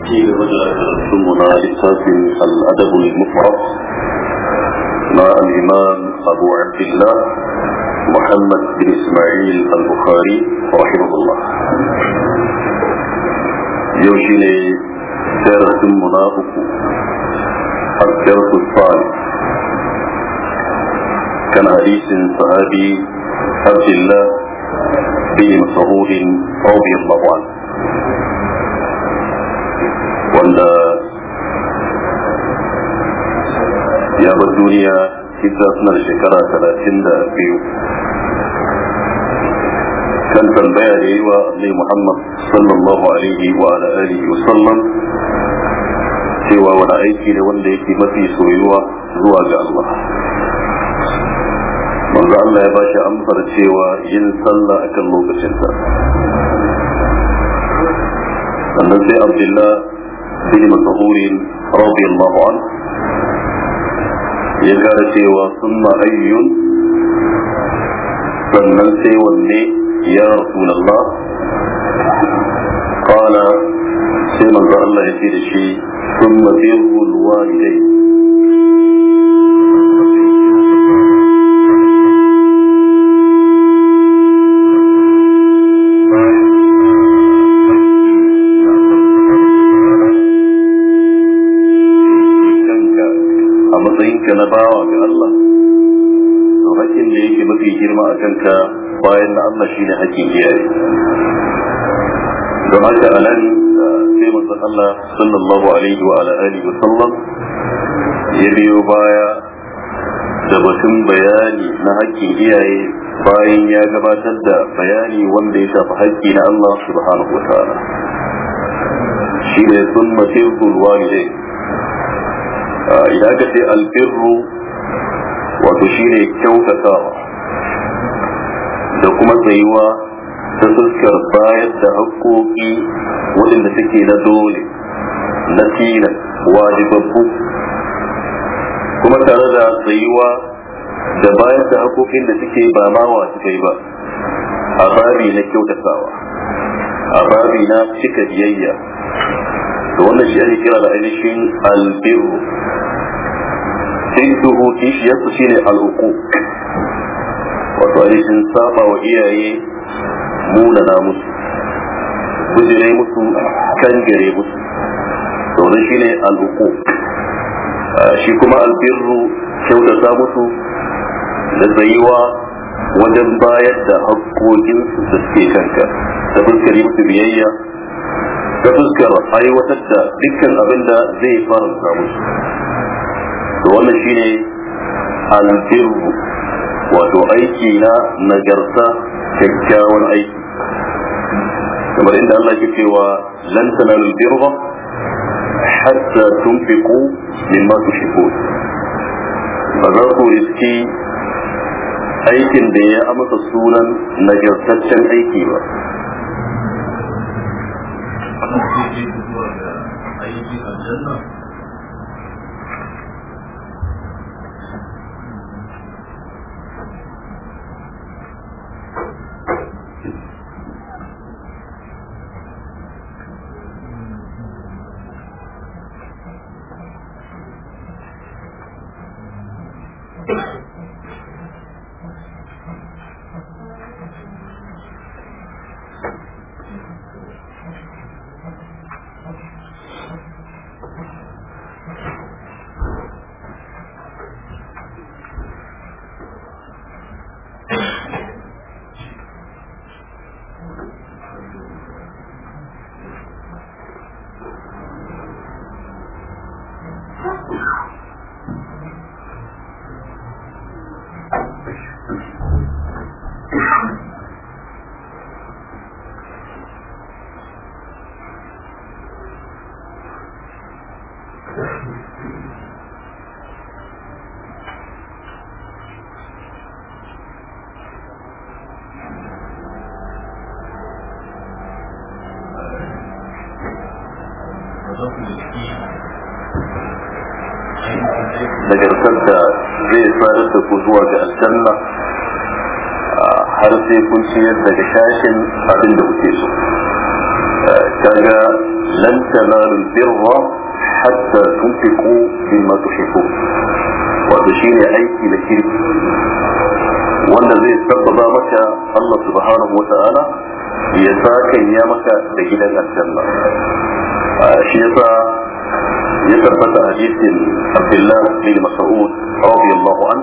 ثمنا للتاسم الأدب المفرد مع الإمام أبو عبد الله محمد بن إسماعيل البخاري رحمه الله يوشيني درس منافق الدرس الثالث كان حديث صحابي عبد الله بن مسعود رضي الله عنه wanda ya bar duniya kisa suna da shekara talatin da biyu kan tambaya da yi wa Annabi Muhammad sallallahu alaihi wa alihi wa sallam cewa wani aiki ne wanda yake mafi soyuwa zuwa ga Allah manzo Allah ya bashi amsar cewa yin sallah akan lokacinta sannan sai Abdullah بن مسعود رضي الله عنه ya gara cewa sun ma'ayyun sannan sai wanne ya rasulallah kala sai manzo Allah ya ce da shi sun mabirul walidai kanka bayan na Allah shine hakkin iyaye don haka a nan eh, sai manzon Allah sallallahu alaihi wa ala alihi wa sallam ya biyo baya da batun bayani na hakkin iyaye bayan ya gabatar da bayani wanda ya shafi hakki na Allah subhanahu wa ta'ala shi ne sun masirkul walidai eh, idan ka ce albirru wato shi ne kyautatawa da kuma tsayuwa ta fuskar bayar da haƙoƙi waɗanda suke na dole na tilan wajibabbu kuma tare da tsayuwa da bayar da haƙoƙin da suke ba ma wasu kai ba a babi na kyautatawa a babi na cika biyayya da wannan shi ake kira da ainihin albiru sai duhu kishiyarsu ne al'uku wato ainihin saba wa iyaye munana musu bujire musu kan gare musu domin ne al'uku shi kuma albirru kyautata musu da tsayuwa wajen bayar da haƙƙoƙinsu da suke kanka da fuskar yi musu biyayya da fuskar aiwatar da dukkan abin da zai faranta musu da wannan shi shine albirru wato aiki na nagarta kyakkyawan aiki kamar inda Allah ke cewa lan tanalu birra hatta tunfiqu mimma tushikun ba za ku riski aikin da ya amsa sunan nagartaccen aiki ba nagartar da zai sadar da ku zuwa ga aljanna har sai kun ciyar daga shashin abin da kuke so kaga lan tanalul birra hatta tunfiqu mimma tuhibbu wato shine aiki da kirki wanda zai sabbaba maka Allah subhanahu wa ta'ala ya sa kan ya maka da gidan aljanna shi yasa ya tabbata hadisin Abdullah bin Mas'ud radiyallahu an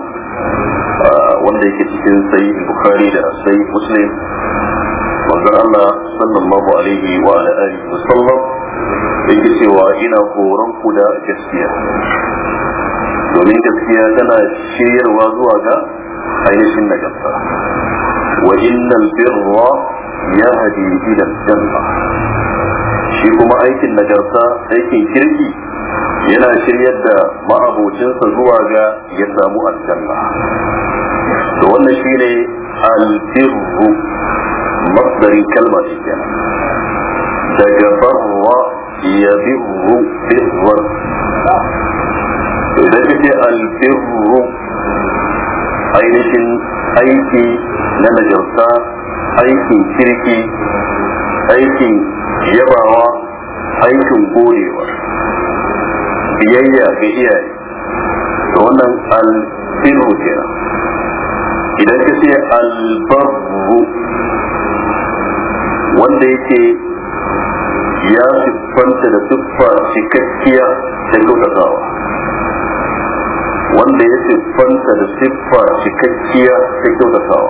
wanda yake cikin sahih Bukhari da sahih Muslim manzon Allah sallallahu alaihi wa ala alihi wa sallam yake cewa ina horon ku da gaskiya domin gaskiya tana shiyarwa zuwa ga ainihin nagarta wa innal birra yahdi ila al shi kuma aikin nagarta aikin kirki yana shiryar da ma'abocinsa zuwa ga ya samu aljanna to wannan shi shine albirru masdarin kalma shi kenan daga barra ya birru birwar idan kace albirru ainihin aiki na najarta aikin kirki aikin yabawa aikin gorewa biyayya ga iyaye to wannan albiru kenan idan ka ce albarru wanda yake ya siffanta da siffa cikakkiya da kyautatawa wanda ya siffanta da siffa cikakkiya da kyautatawa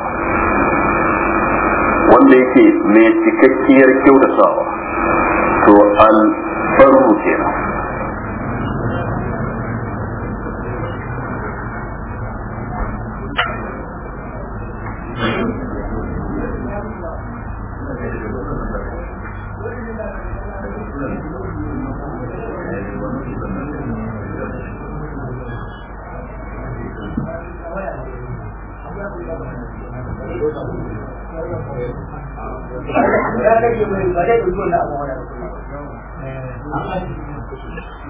wanda yake mai cikakkiyar kyautatawa to albarru kenan ya rage mai ba zai ɗauki wannan abubuwa da eh. kuma.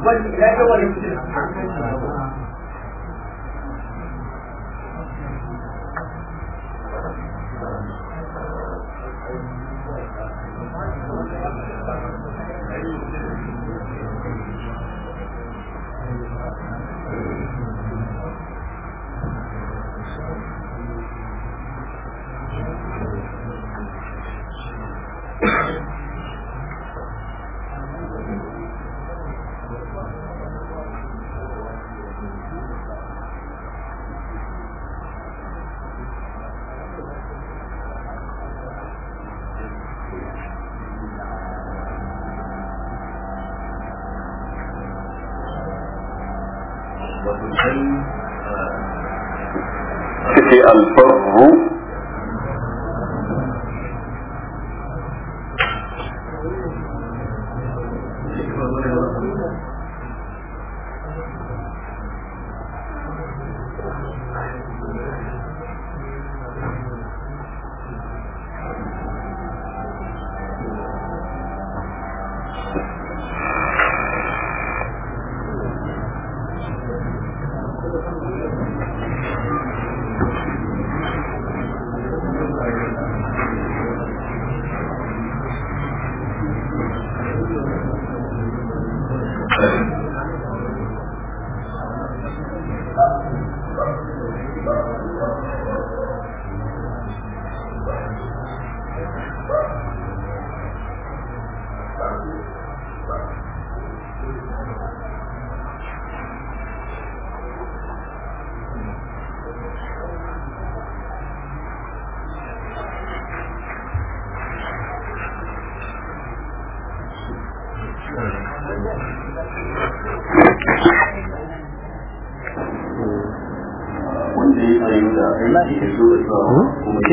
Wani ya yi wani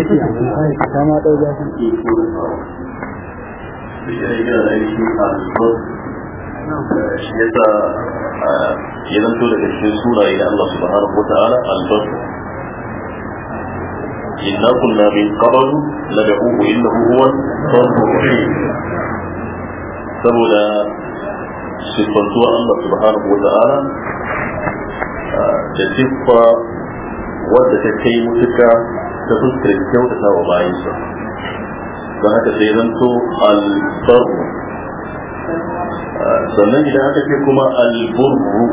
yake a ta ma ɗau zafi shi yasa ya zanto daga cikin sura ila Allah subhanahu wata'ala albas inna kunna min qabl nad'uhu innahu huwa tawwabur rahim saboda sifantuwa Allah subhanahu wata'ala da siffa wadda ta kai mutuka ta fuskar kyautata wa bayansa don haka sai zanto albarru ah, sannan idan aka ce kuma alburru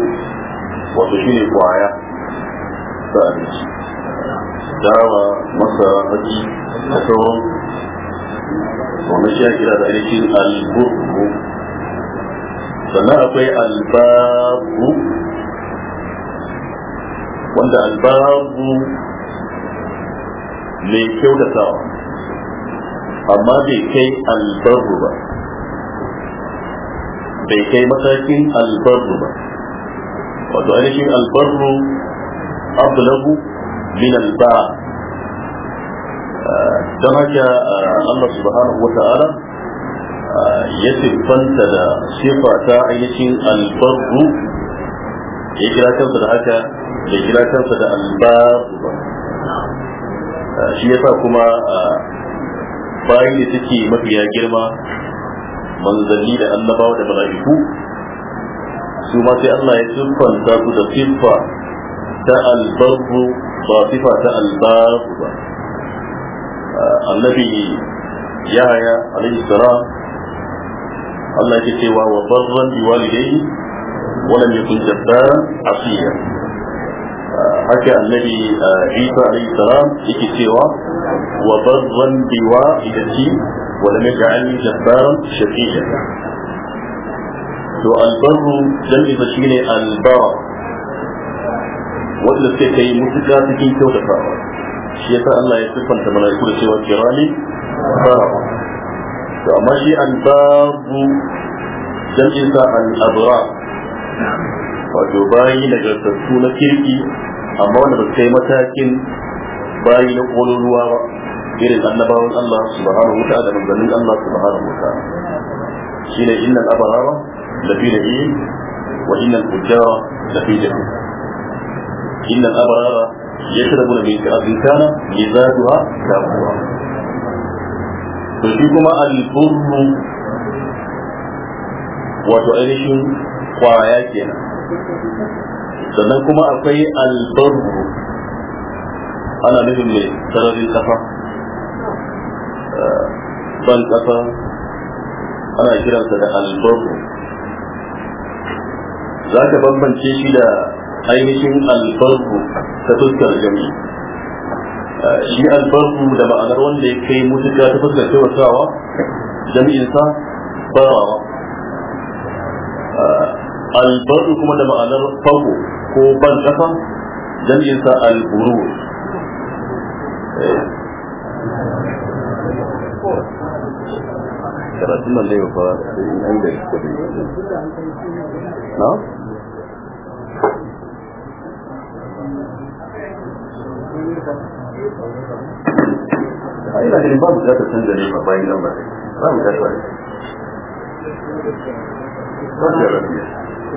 wato shi ne kwaya ta abinci dawa masa haji da sauran wannan shi ya kira da ainihin alburru sannan akwai albabu wanda albabu mai kyautatawa amma bai kai albarru ba bai kai matakin albarru ba wato ainihin albarru abdulahu min alba ah, don haka ah, Allah subhanahu wa ta'ala ah, ya siffanta da sifa ta ainihin albarru ya kira kansa da haka ya kira kansa da albarru shi yasa kuma bayi da suke mafiya girma manzanni da annabawa da mala'iku su ma sai Allah ya siffanta su da siffa ta albarbu ba siffa ta albarbu ba annabi yahaya alaihi salam Allah ya cewa wa barran bi walidayhi wa lam yakun jabbara asiya haka annabi uh, isa alayhi salam yake cewa wa bazzan biwa idati wa lam yaj'alni jabbaran shaqiya to albarru jami'i ba shine albara wanda suke kai mutuka cikin kyautatawa shi yasa Allah ya siffanta mala'iku da cewa kirani bara to amma shi wato bayi nagartattu na kirki amma wanda ba kai matakin bayi na ruwa ba irin annabawan Allah subhanahu wa ta'ala da manzannin Allah subhanahu wa ta'ala shine innal abrara la fi na'im wa innal fujjara la fi jahannam innal abrara yashrabuna min ka'abin kana mizajuha kafura to shi kuma al-burru wato ainihin kwaya kenan sannan kuma akwai albarru ana nufin mai sararin kafa eh, ban kafa ana kiransa da albarru za ka bambance shi da ainihin albarru ta fuskar jami'i eh, shi albarru da ma'anar wanda ya kai mutuka ta fuskar taimakawa jami'insa barawa eh, albaru kuma da ma'anar fago ko ban kasa jam'in sa alburu eh.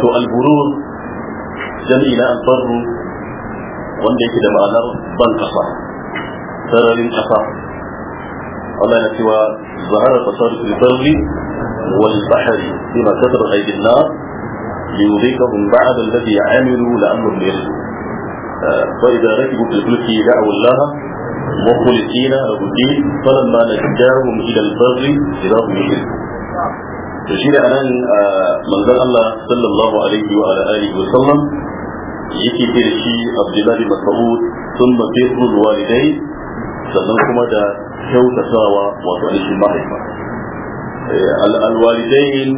wato alburur jami'i na albarru wanda yake da ma'anar ban kasa sararin kasa Allah yana cewa zahara fasadu fil barri wal bahri bima kasabat aydin nas liyudhikahum ba'd alladhi ya'malu la'annahum yarji'un فإذا ركبوا في الفلك دعوا الله مخلصين له الدين فلما نجاهم إلى البر إذا هم يشركون to shi da nan manzon Allah sallallahu alaihi wa alihi wa sallam yake ce shi Abdullahi Mas'ud sun mafi rul walidai sannan kuma da kyautatawa wato ainihin mahaifa eh, al-walidain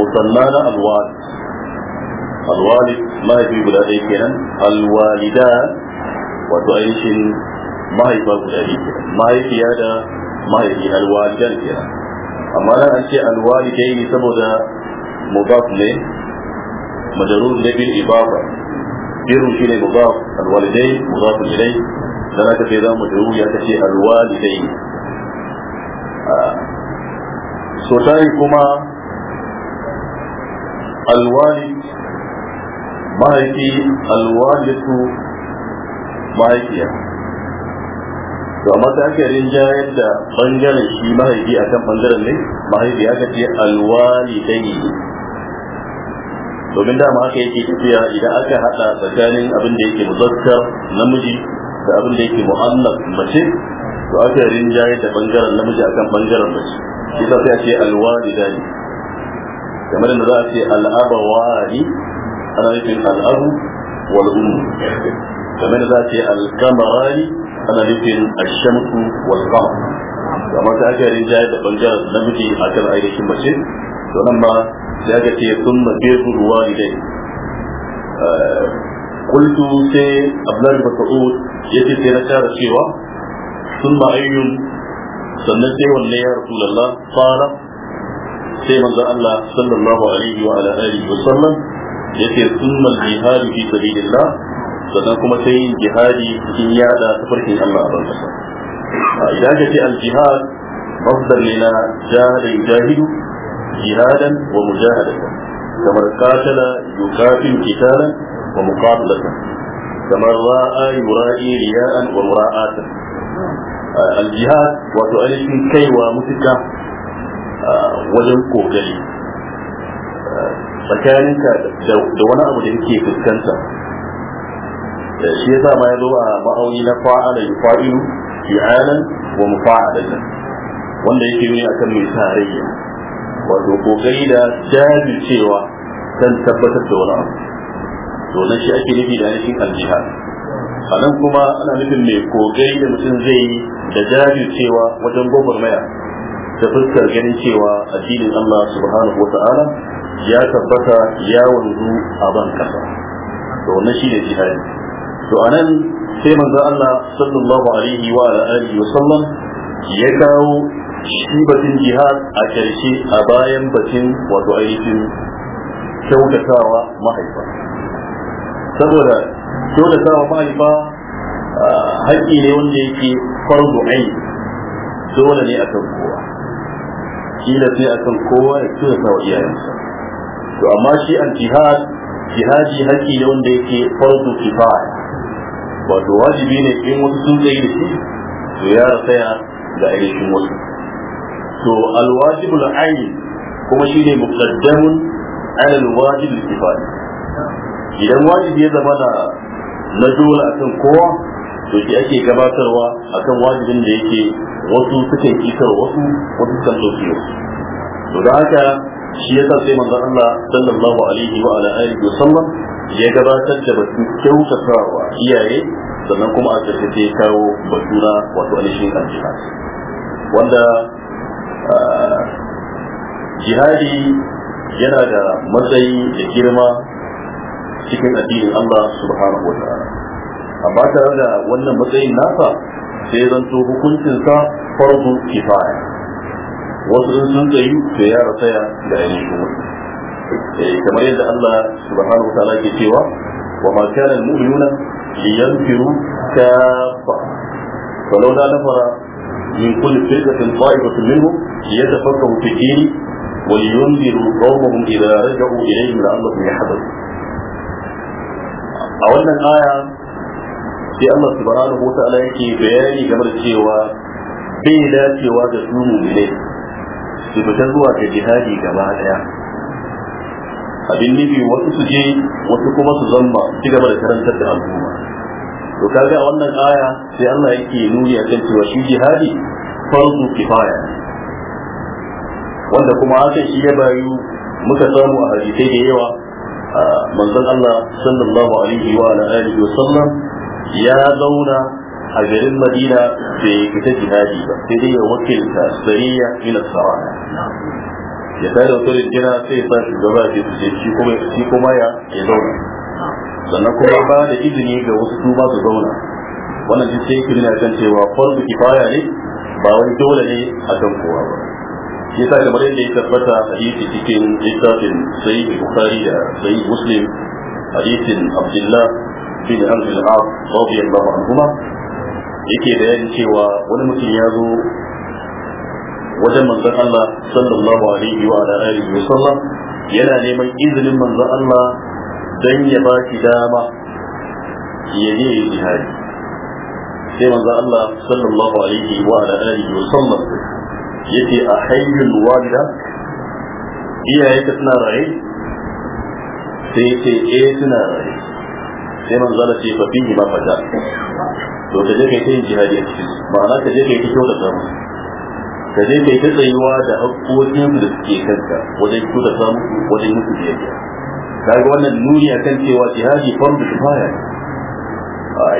musannana al-walid al-walid mahaifi guda ɗaya kenan al-walida wato ainihin mahaifa guda ɗaya mahaifiya da mahaifi al-walidan kenan amma nan an ce yi saboda mudaf ne majarur ne bil ibaba biru shi ne mudaf alwalidain mudaf ilai dan aka ce zamu jarur ya kace alwalidain so tai kuma alwali mahaifi alwalidu mahaifiya to amma sai aka rinjayar da bangaren shi mahaifi a kan bangaren ne mahaifi aka ce alwalidai domin dama haka yake tafiya idan aka hada tsakanin abin da yake muzakkar namiji da abin da yake mu'annas mace to aka rinjayar da bangaren namiji akan bangaren mace shi sai a ce alwalidai kamar da za a ce al'abawani ana nufin al'abu wal kamar da za a ce alkamarani ana nufin ashamsu wal qamar kamar ta aka rinjaye da bangaren namiji a kan ainihin mace to nan ma ya ga ce sun mabe ruwa ne eh, kultu sai abdullahi mas'ud yace sai na tara cewa sun ma ayyun sannan sai wanne ya rasulullah fara sai manzo Allah sallallahu alaihi wa alihi wa sallam yace sun mal jihadu fi sabilillah sannan kuma sai yin jihadi cikin yada farkin Allah a ban kasa idan ka ce al-jihad mafdar ne na jahadin jahidu jihadan wa mujahadatan kamar katala yuqatil qitalan wa muqatalatan kamar ra'a yura'i riya'an wa mura'atan al-jihad wato ainihin kaiwa mutuka wajen kokari tsakaninka da wani abu da yake fuskanta shi yasa ma ya zo a ma'auni na fa'ala yufa'ilu fi'alan wa mufa'alan wanda yake nuni akan mai tarayya wato kokari da jajircewa dan tabbatar da wani abu to nan shi ake nufi da ainihin al a nan kuma ana nufin mai kokari da mutum zai yi da jajircewa wajen gwagwarmaya ta fuskar ganin cewa addinin Allah subhanahu wa ta'ala ya tabbata ya wanzu a ban kasa to wannan shi ne jihadi to anan sai manzo Allah sallallahu alaihi wa alihi wa sallam ya kawo shi batun jihad a karshe a bayan batun wato aikin kyautatawa mahaifa saboda kyautatawa mahaifa haƙƙi ne wanda yake farzu aini dole ne akan kowa kila sai akan kowa ya kyautatawa iyayensa to amma shi al jihad jihadi haƙƙi ne wanda yake farzu kifaya wato wajibi ne in wasu sun tsaye da shi to ya tsaya da ainihin wasu to alwajibul ayin kuma shine muqaddamun ala alwajib kifaya idan wajibi ya zama da na dole akan kowa to shi ake gabatarwa akan wajibin da yake wasu suke yi wasu wasu suka so to da haka shi yasa sai manzon Allah sallallahu alaihi wa ala alihi wasallam ya gabatar da batu kyautatawa iyaye sannan kuma a ƙarshe ya kawo batuna wato alishin aljina wanda jihadi yana da matsayi da girma cikin addinin Allah subhanahu wa ta'ala amma tare da wannan matsayin nasa sai zanto hukuncinsa farzu kifaya wasu sun san tsayu da ya rataya da ainihin wasu kamar yadda Allah subhanahu wa ta'ala ke cewa wa ma kana al-mu'minuna liyanfiru kaffa falawla nafara min kulli firqatin ta'ifatin minhum yatafakkaru fi dini wa yunziru qawmahum idza raja'u ilayhim la'allahum yahdharun a wannan aya sai Allah subhanahu wa ta'ala yake bayani game da cewa bai dacewa da su mu'minai su fita zuwa ta jihadi gaba daya abin nufi wasu su je wasu kuma su zama ci gaba da karantar da al'umma to kaga a wannan aya sai Allah yake nuni akan cewa shi jihadi farzu kifaya wanda kuma haka shi ya bayu muka samu a hadisai da yawa manzon Allah sallallahu alaihi wa alihi wa sallam ya zauna a garin madina bai fita jihadi ba sai dai ya wakilta sariya min sara ya sai da wutar jira sai ya sa shugaba ya fice shi kuma shi kuma ya ya zauna sannan kuma ba da izini ga wasu su ma su zauna wannan shi sai kirina kan cewa farzu kifaya ne ba wani dole ne a kan kowa ba shi sa kamar yadda ya tabbata hadisi cikin littafin sayyid bukhari da sayyid muslim hadisin abdullah bin amr al-as radiyallahu anhuma yake da yadda cewa wani mutum ya zo wajen manzan Allah sallallahu alaihi wa alihi wa sallam yana neman izinin manzon Allah dan ya ba shi dama ya je jihadi sai manzon Allah sallallahu alaihi wa alihi wa sallam yace a hayyul walida iyayenka suna raye sai yace eh suna raye sai man zala ce fa fihi ma fata to ka je kai ta yin jihadi a cikin ma'ana ta je kai ta kyau da samu ka je kai ta tsayuwa da haƙƙoƙin da suke kanka wajen kyau da samu wajen yin su biyayya kaga wannan nuni akan cewa jihadi fardu kifaya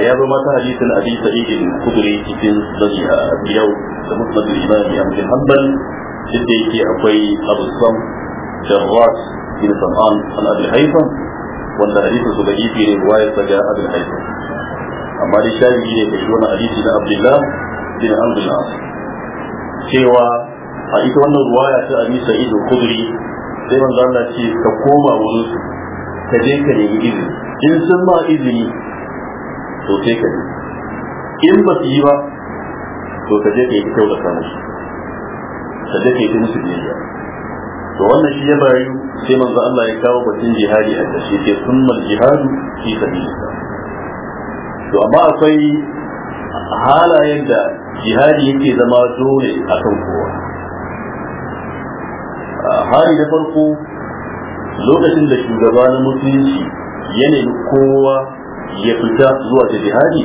ya zama ta hadisin abi sa'idin kuduri cikin sahiha yau da musnad al-imam Ahmad bin shi inda yake akwai Abu Sam Jarrat bin Sam'an an Abi Haytham wanda hadisin su da'ifi ne ruwayar sa ga abin haifu amma dai shafi'i ne bai wani hadisi na abdullah bin abdullah cewa a ita wannan ruwaya ta abi sa'id al Kuduri, sai manzo Allah ce ka koma wurin ka je ka nemi izini in sun ma izini to sai ka in ba su yi ba to ka je ka yi kyau da samu ka je ka yi musu biyayya to wannan shi ya bayu sai manzo Allah ya kawo batun jihadi a tashi ke sunnal jihadu fi sabilillah to amma akwai halayen da jihadi yake zama dole a kan kowa hali da farko lokacin da shugaba na musulunci ya nemi kowa ya fita zuwa ta jihadi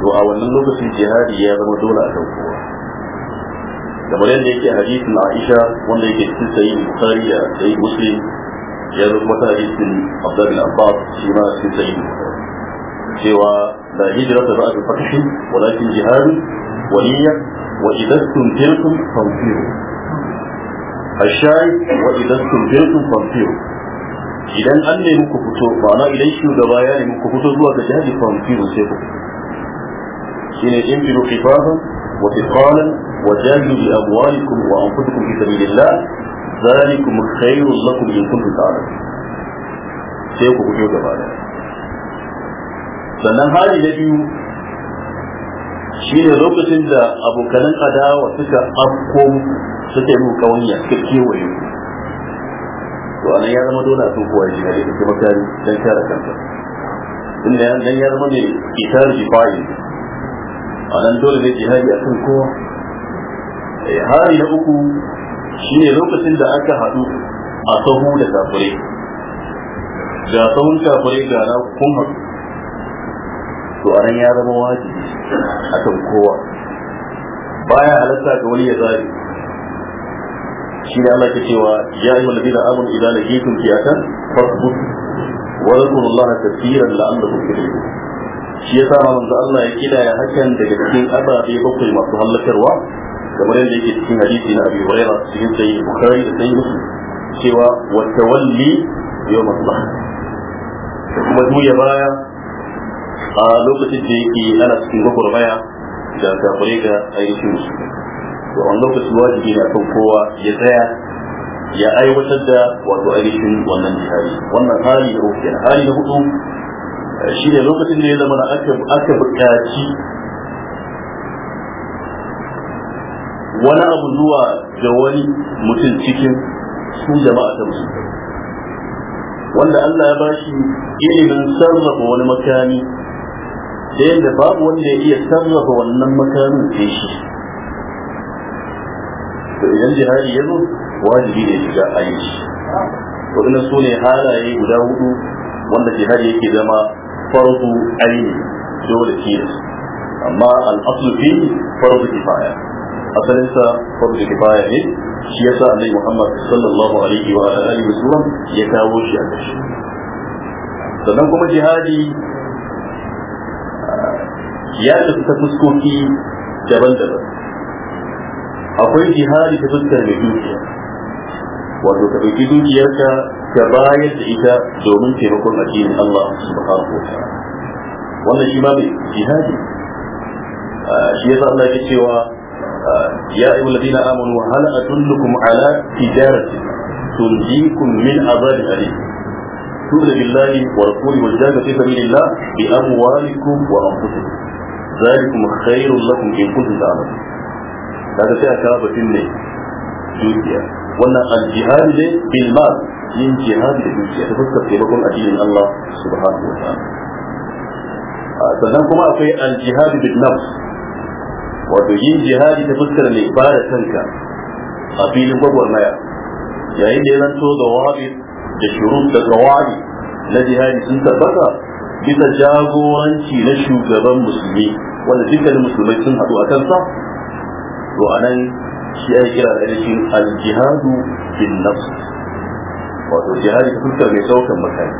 to a wannan lokacin jihadi ya zama dole a kan kowa kamar yadda yake hadisin Aisha wanda yake cikin sayi Bukhari da sayi Muslim ya rubuta hadisin Abdul Abbas shi ma cikin sayi cewa la hijrata ba'da fatih walakin jihad wa niyya wa idza tuntilkum fanfiru ashai wa idza tuntilkum fanfiru idan an ne muku fito ba na idan shugaba ya ne muku fito zuwa ga jihadi fanfiru sai ku shine in filo kifafan وثقالا وجاهدوا بأموالكم وأنفسكم في سبيل الله ذلكم خير لكم إن كنتم تعلمون sai ku fito gaba da sannan hali na biyu shine lokacin da abokanan adawa suka afko suka yi kawanya suka kewaye to anan ya zama dole a sun kowa shi gare da kuma kari don kare kanta inda ya zama mai ne itar fayin. a nan dole ne jihadi akan kowa eh, hari na uku shi ne lokacin da aka haɗu a sahu da kafirai ga sahun kafirai ga na kun haɗu to a nan ya zama wajibi akan kowa baya halatta ga wani ya zari shi da Allah ke cewa ya yi wani da amur idan da gefen kiyatan fasbut wa zakurullaha tafsiran la'allakum tuflihun shi ya sa manzo Allah ya kidaya hakan daga cikin ababe bakwai masu hallakarwa kamar yadda yake cikin hadisi na Abi Hurairah cikin sahih Bukhari da sahih Muslim cewa wa tawalli yawm al kuma juya baya a lokacin da yake ana cikin gwagwarmaya da kafure ga ayyukan su to a lokacin wajibi ne akan kowa ya tsaya ya aiwatar da wato ainihin wannan jihari wannan hali da hali na hudu shi ne lokacin da ya zama aka buƙaci wani abu zuwa ga wani mutum cikin su jama'a ta musulmai wanda Allah ya bashi ilimin sarrafa wani makami da yadda babu wanda ya iya sarrafa wannan makamin sai shi to idan jihadi ya zo wajibi ne shiga a yi shi waɗannan su ne halaye guda hudu wanda jihadi yake zama farzu aini dole ce amma al'aslu fi farzu kifaya asalin sa farzu kifaya ne shi yasa annabi Muhammad sallallahu alaihi wa alihi ya kawo shi a kashi sannan kuma jihadi ah, ya tafi ta fuskoki daban-daban akwai jihadi ta fuskar mai dukiya wato ka ɗauki dukiyarka ka bayar da ita domin taimakon addinin Allah subhanahu wa ta'ala wannan shi ma mai jihadi ah, shi yasa Allah ya cewa ah, ya ayyuhal ladina amanu hal adullukum ala tijaratin tunjikum min azabin alim تؤمن بالله ورسوله والجهاد في سبيل الله بأموالكم وأنفسكم ذلكم خير لكم إن كنتم تعلمون هذا سيأتي batun ne dukiya wannan al-jihad ne bil mal yin jihad da dukiya da fuskar taimakon addinin Allah subhanahu wa ta'ala sannan kuma akwai al-jihad bil nafs wato yin jihad da fuskar ne ba da kanka a filin gwagwarmaya yayin da ya zanto da wabi da shurun da gawabi na jihad sun tabbata bisa jagoranci na shugaban musulmi wanda dukkanin musulmai sun haɗu a kansa to a nan shi ya kira da ainihin aljihadu bin nafs wato jihadi ta fuskar mai saukan mutane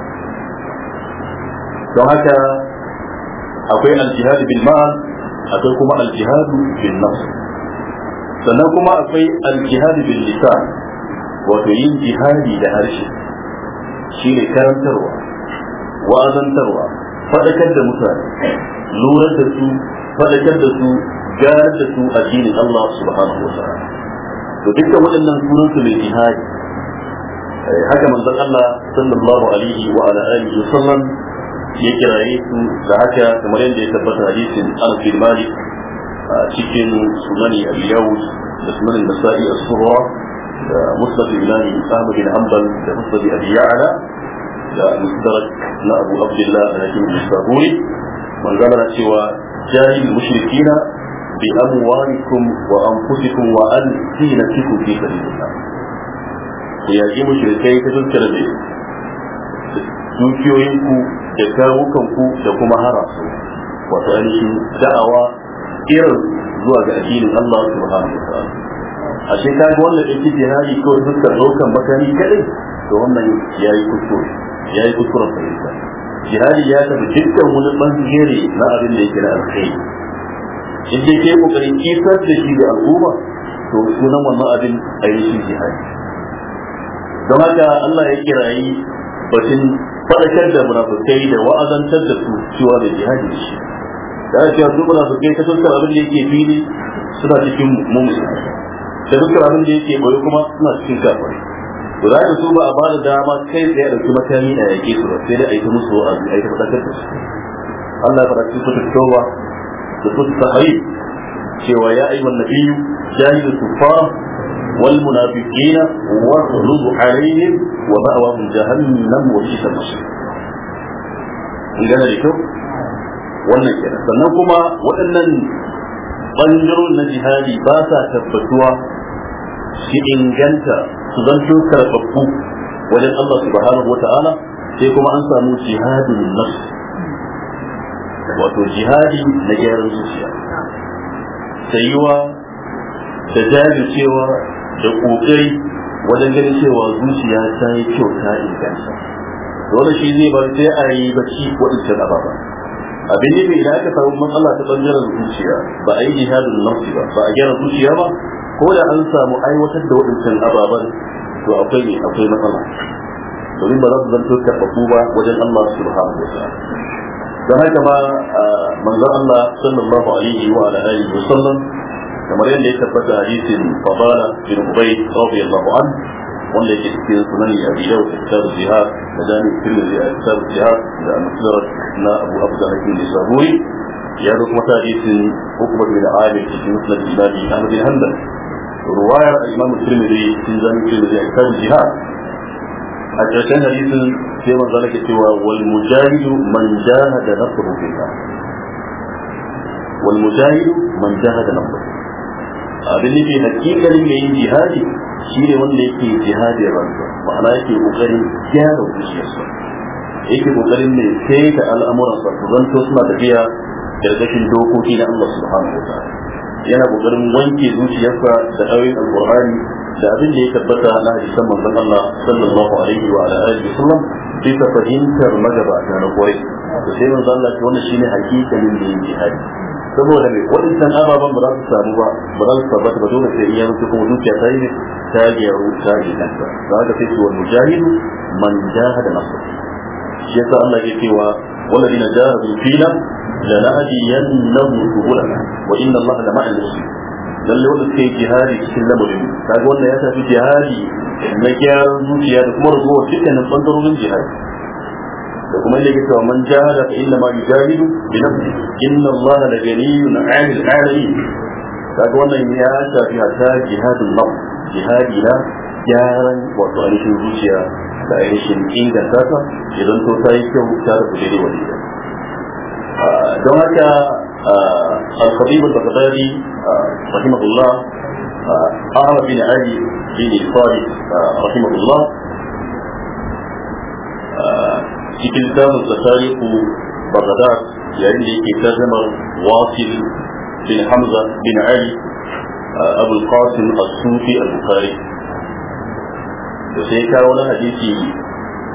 don haka akwai aljihadu bin ma'al akwai kuma aljihadu bin nafs sannan kuma akwai aljihadu bin lisan wato yin jihadi da harshe shi ne karantarwa wazantarwa, faɗakar da mutane lura da su faɗakar da su garar da su addinin Allah subhanahu wa ta'ala to dukkan waɗannan sunan su mai jihadi eh, haka manzon Allah sallallahu alaihi wa ala alihi wa sallam ya kiraye su da haka kamar yadda ya tabbata hadisin Anas bin Malik cikin sunani Abi Dawud da sunanin Nasa'i as-Surra da Musnad bin Ahmad bin Hanbal da Musnad Abi Ya'la da Mustadrak na Abu Abdullah da Hakim bin Saburi manzon Allah cewa jahil mushrikina بأموالكم وأنفسكم وألسنتكم في سبيل الله ويأتي مشركين تذكر به dukiyoyinku da kawukanku da kuma harasu wato ainihin da'awa irin zuwa ga addinin Allah subhanahu ka ga wannan yake jihadi kawai fuskar daukan makani kadai to wannan yayi kuskure kuskuren fahimta jihadi ya tafi dukkan wani bangare na abin da yake na alkhairi in dai kai kokarin kisar da shi ga al'umma to sunan wannan abin a yi shi jihadi don haka Allah ya kirayi batun faɗakar da munafukai da wa'azantar da su cewa da jihadi shi da aka cewa su munafukai ta tuskar abin da yake fili suna cikin mummi da tuskar abin da yake koyo kuma suna cikin kafari to da su ba a ba da dama kai tsaye a ɗauki makami a yaƙe su ba sai da a yi ta musu wa'azi a yi ta faɗakar da su Allah ya faɗa cikin su da su cewa ya ayyuhan nabiyyu jahidu kuffar wal munafiqina waghlub alaihim wa ma'awahum jahannam wa bi'sa al-masir wannan sannan kuma waɗannan bangarorin na jihadi ba sa tabbatuwa shi inganta su zanto karɓaɓɓu wajen Allah subhanahu wa ta'ala sai kuma an samu jihadin nafs wato jihadi na gyaran zuciya sayuwa da cewa da kokari wajen ganin cewa zuciya ta yi kyau ta inganta dole shi zai bar sai a yi bacci waɗancan ababa abin ne mai aka samu matsala ta ɓangaren zuciya ba a yi jihadin nafsi ba ba a gyara zuciya ba ko da an samu aiwatar da waɗancan ababen to akwai ne akwai matsala domin ba za su zanto karɓaɓɓu ba wajen Allah subhanahu wa ta'ala da haka a manzan Allah sallallahu alaihi wa alihi wa sallam kamar yadda ya tabbata hadisin Fadala bin Ubay radiyallahu an wanda yake cikin sunan bi Dawud kitab jihad da jami'in Tirmidhi a kitab jihad da al-Musnad na Abu Abdullah bin Saburi ya zo kuma hadisin Uqba bin Amir cikin Musnad Imam Ahmad bin Hanbal ruwayar Imam Tirmidhi cikin jami'in Tirmidhi a kitab jihad a ƙarshen hadisin sai manzo Allah ke cewa wal mujahidu man jahada nafsuhu fillah wal mujahidu man jahada nafsuhu abin nufi hakikalin mai yin jihadi shi ne wanda yake jihadi ransa ma'ana yake kokarin gyara zuciyarsa yake kokarin ne sai da al'amuransa su zanto suna tafiya gargashin dokoki na Allah subhanahu wa ta'ala yana kokarin wanke zuciyarsa da ayoyin alqur'ani da abin da ya tabbata na hadisan manzon Allah sallallahu alaihi wa alihi wasallam sai ka fahimtar magabata na kwarai to sai manzon Allah ce wannan shine hakikalin da yake hadi saboda me waɗannan ababen ba za su samu ba ba za su tabbata ba dole sai iya mutu kuma dukiya ta yi ne ta gyaru ta yi kanta za ka sai su wa mujahidu man jahada nafsa shi yasa Allah ya cewa والذين جاهدوا فينا لنهدينهم سبلنا وإن الله لمع المسلمين lalle wanda suka yi jihadi cikin lamarin kaga wannan ya tafi jihadi na gyaran zuciya da kuma ragowar dukkanin bangarorin jihadi da kuma yake cewa man jahada fa inna ma yujahidu bi nafsi inna allaha la ghaniyyun 'anil 'alamin kaga wannan ya tafi hatta jihadul nafs jihadi na gyaran wato ainihin zuciya da ainihin inganta ta idan to ta yi kyau ta rufe daidai wani don haka al al-baghdadi rahimahullah ahmad bin ali bin al fadi rahimahullah cikin samun tasariku baghdad yayin da yake tarjamar wasil bin hamza bin ali abu al-qasim al sufi al-bukhari da sai kawo na hadisi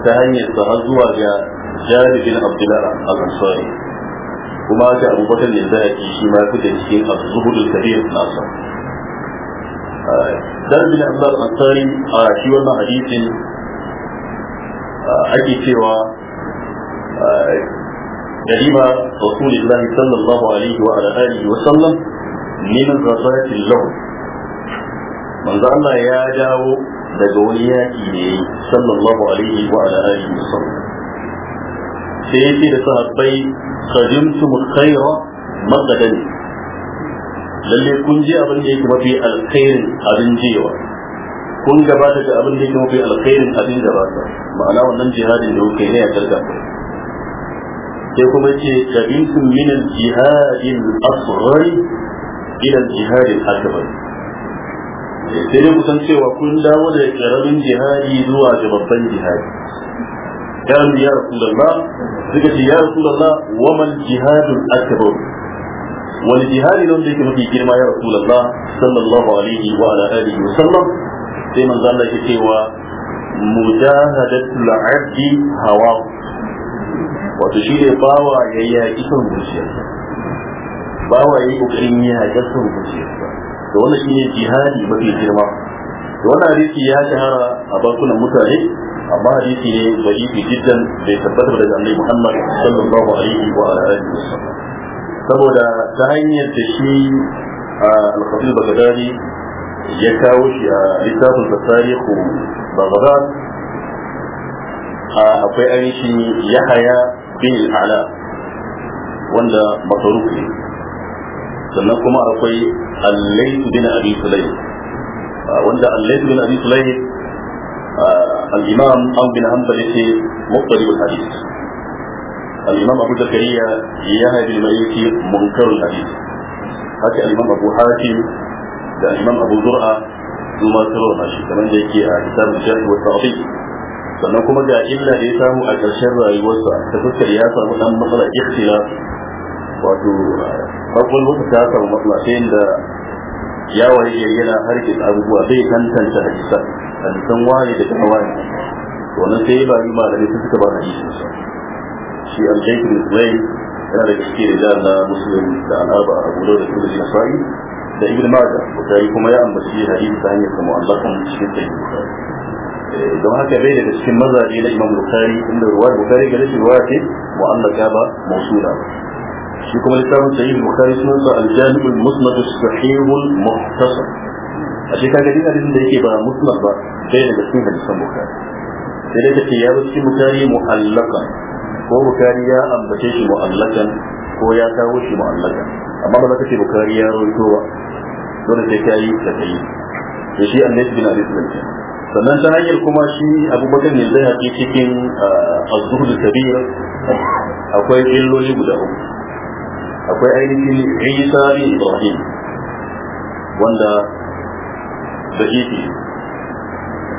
ta hanyar sa zuwa ga jari abdullahi al-ansari kuma haka abubakar ne za a ki shi ma fita cikin azuhudul kabir nasa dan bin abbas ansari a shi wannan hadisin ake cewa جريمة رسول الله صلى الله عليه وعلى آله وسلم من الرزاية اللون من ذا الله يا جاو دقوني إليه صلى الله عليه وعلى آله وسلم سيدي لصحابي qadimtum khayra magadan lalle kun ji abin da yake mafi alkhairin abin jewa kun gabata da abin da yake mafi alkhairin abin gabata ma'ana wannan jihadin da kuke ne a karga sai kuma ce qadimtum min al-jihadil asghar ila al-jihadil akbar sai dai kusan cewa kun dawo da karamin jihadi zuwa ga babban jihadi قالوا يا رسول الله سكت يا رسول الله وما الجهاد الأكبر والجهاد لون ذيك مفي كلمة يا رسول الله صلى الله عليه وعلى آله وسلم سيما زال لك سوى مجاهدة العبد هواه وتشير باوى يياكي son zuciyarsa bawa yayi kokarin ya haƙa son zuciyarsa to wannan shine jihadi mafi girma wannan hadisi ya shahara a bakunan mutane amma hadisi ne da'ifi jiddan bai tabbatar daga annabi Muhammad sallallahu alaihi wa alihi wasallam saboda ta hanyar da shi al-Khatib Baghdadi ya kawo shi a littafin tarihu Baghdad akwai ainihin Yahaya bin Ala wanda masaruf ne sannan kuma akwai Al-Layth bin Abi Sulaym wanda Al-Layth bin Abi Sulaym al-imam an bin hanbal yace muqtadi hadith al-imam abu zakariya ya hadi mai yace munkar hadith haka abu hatim da al abu zur'a su ma sun rawa shi kamar da yake a kitabun sannan kuma ga illa ya samu a rayuwarsa ta ya samu matsala samu matsala da ya waye yana harkis abubuwa zai tantance hadisa san waye da kuma wani to nan sai ba yi malami su suka ba hadisin sa shi al-shaykh al-zayn yana da cikin da na muslim da al'aba a da da kuma nasai da ibn majah mutari kuma ya ambaci hadisi ta hanyar kuma Allah kan cikin sai eh, don haka bai daga cikin mazaje na imam bukhari inda ruwa bukhari ga rashin ruwa ce mu'allaka ba mausula ba shi kuma littafin sahih bukhari sunan sa al musnad as muhtasab a shi kaga din da yake ba musnad ba sai daga cikin hadisan bukhari sai da take ya wuce bukhari mu'allakan ko bukhari ya ambace shi mu'allakan ko ya kawo shi mu'allakan amma ba za ce bukhari ya rawaito ba dole sai ka yi da kai da shi annabi bin abi sulaiman sannan ta hanyar kuma shi abubakar ne zai haƙi cikin ah, az-zuhd akwai illoli guda uku akwai ainihin isa bin ibrahim wanda da ifi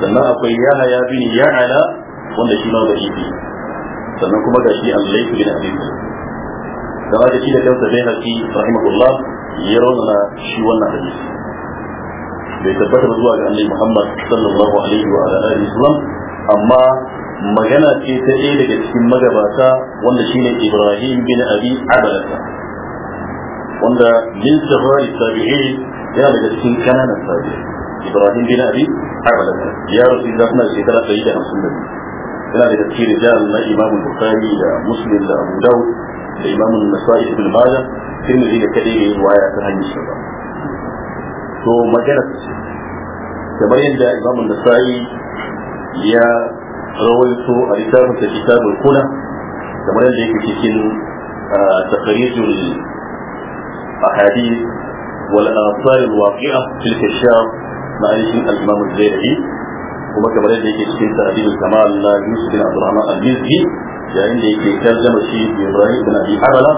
sannan akwai ya yahaya ya ala wanda shi ma da ifi sannan kuma ga shi allaifu bin abin da haka shi da kansa bai haƙi rahimahullah ya raunana shi wannan hadisi bai tabbata ba zuwa ga annabi muhammad sallallahu alaihi wa alihi wasallam amma magana ce ta ɗaya daga cikin magabata wanda shine ibrahim bin abi abalata وندا من سرار التابعين يا لجسين كان التابع إبراهيم بن أبي حرمل يا رسول الله ما سيدنا سيدا مسلم كان لجسين رجال ما إمام البخاري لا مسلم لا أبو داود لا إمام النسائي بن ماجة كل من ذي كذب رواية عن مسلم تو ما جرت تبين ذا إمام النسائي يا رويت أريتاه في كتاب الكلى تبين ذي كتاب آه، تقرير أحاديث والآثار الواقعة في الكشاف مع الإمام الزيري kuma kamar yadda yake cikin sa'adin kamal na Yusuf bin Abdurrahman al-Mizzi yayin da yake tarjama shi Ibrahim bin Abi Abala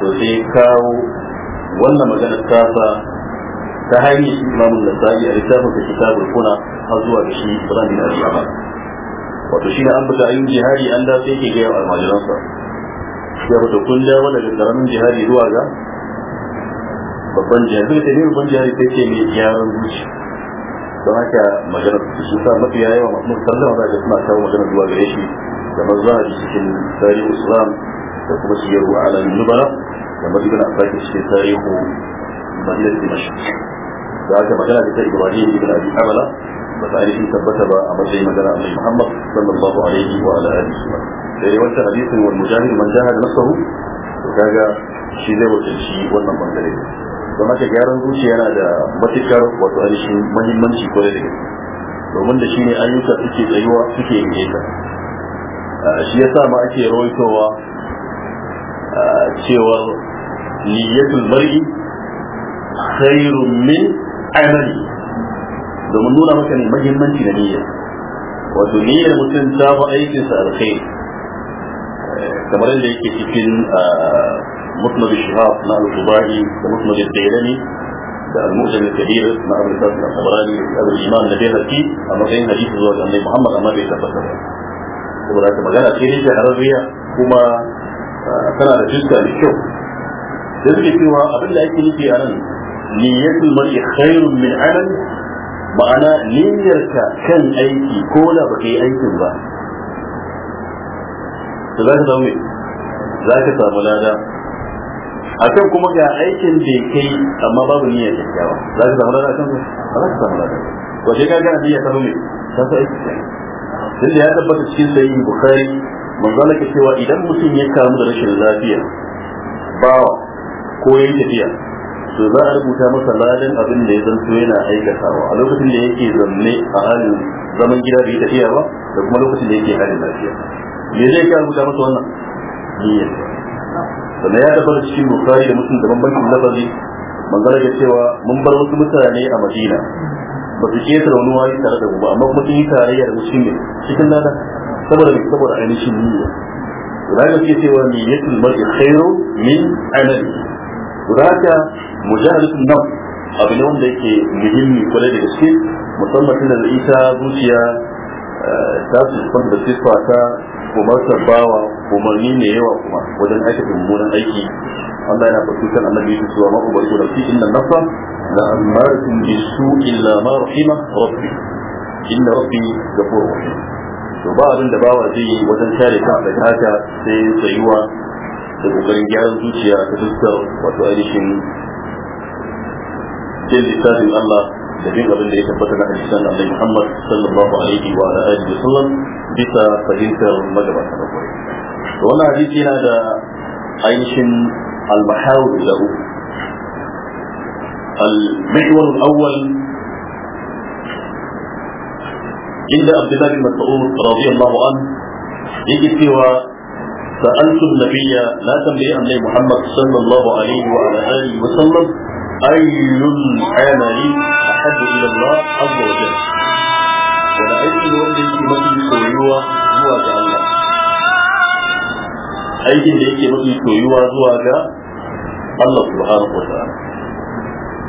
to sai kawo wannan magana tasa ta hanyar Imam Nasa'i a littafin sa kitabul kuna zuwa ga shi Ibrahim bin Abi Abala wato shi ne an buga ayyukan jihadi an da sai kun daga karamin jihadi zuwa ga babban jihar zai tafi babban jihar ita ce mai gyaran zuci don haka magana su shi sa mafi yawa masu sallama suna kawo magana zuwa gare shi da mazza da cikin tarihi islam da kuma shi a alam nubara da mazibin asaki cikin tarihu madinat dimash da haka magana ta ibrahim ibn abi amala ba ta ainihin tabbata ba a matsayin magana a mai muhammad sallallahu alaihi wa ala alihi wa sai dai wancan hadisin wal mujahid man jahada nafsahu to kaga shi zai wakilci wannan bangare don haka gyaran zuciya yana da matukar wato ainihin mahimmanci kwarai da gaske domin da shi ne ayyuka suke tsayuwa suke yin ingeta shi ya sa ma ake rawaitowa cewa niyyatul mar'i khairun min amali domin nuna maka ne mahimmanci na niyya wato niyyar mutum ta fi aikinsa alkhairi eh, kamar yadda yake cikin مطمد الشهاب مع الفضائي ومطمد الديلاني ده المؤذن الكبير مع ابن الفضل الطبراني ابو الايمان نبي هركي اما زين حديث زوج النبي محمد اما بيت الفضل وبرات مجال اخير انت عربية كما اتنا رجلتا للشوف تذكي فيها ابن لا يكي نتي انا نية المرء خير من عمل معنى نيرك كان ايكي كولا بقي ايكي الله تذكي دومي ذاك الصابولادا a kan kuma ga aikin da kai amma babu niyyar kyakkyawa za ka samu lada kan ku ba za ka samu lada waje ka gana niyya ta zo ne ta so aiki tun da ya tabbata cikin sayin bukari manzala ke cewa idan mutum ya kamu da rashin lafiya bawa ko yin tafiya to za a rubuta masa ladan abin da ya zanto yana aikatawa a lokacin da yake zanne a halin zaman gida da ya tafiya ba da kuma lokacin da yake halin lafiya me zai ka rubuta masa wannan niyyar sannan ya tabbata cikin bukari da mutum da bambancin lafazi manzara da cewa mun bar wasu mutane a madina ba su kesa da wani tare da ba amma kuma yi tarayya da mutum ne cikin nada saboda mai saboda ainihin niyya guda ga ke cewa niyyatul mai khairu min amali guda ka mujahadatul nafs abu ne wanda yake muhimmi kwarai da gaske musamman tun da ita zuciya eh, ta su kwanta da sifa ta umartar bawa umarni ne yawa kuma wajen aikata mummunan aiki Allah yana fasukan annabi su cewa ma ubarku da cikin nan nafsa la amaratun bi su'i la ma rahima rabbi inna rabbi ghafurur rahim to ba abin da bawa zai yi wajen kare kansa da haka sai tsayuwa da kokarin gyaran zuciya ta fuskar wato ainihin jin lissafin Allah da bin abin da ya tabbata na hadisan Annabi Muhammad sallallahu alaihi wa alihi wasallam bisa fahimtar magabata da kwarai wannan hadisi yana da ainihin al-mahawir da uku al-mihwar al-awwal inda Abdullah bin Mas'ud radiyallahu anhu yake cewa سألت النبي لا تنبي أن محمد صلى الله عليه وعلى آله وسلم أي العمل ahabbu ila Allah azza zuwa ga Allah aikin da yake mafi soyuwa zuwa ga Allah subhanahu wa ta'ala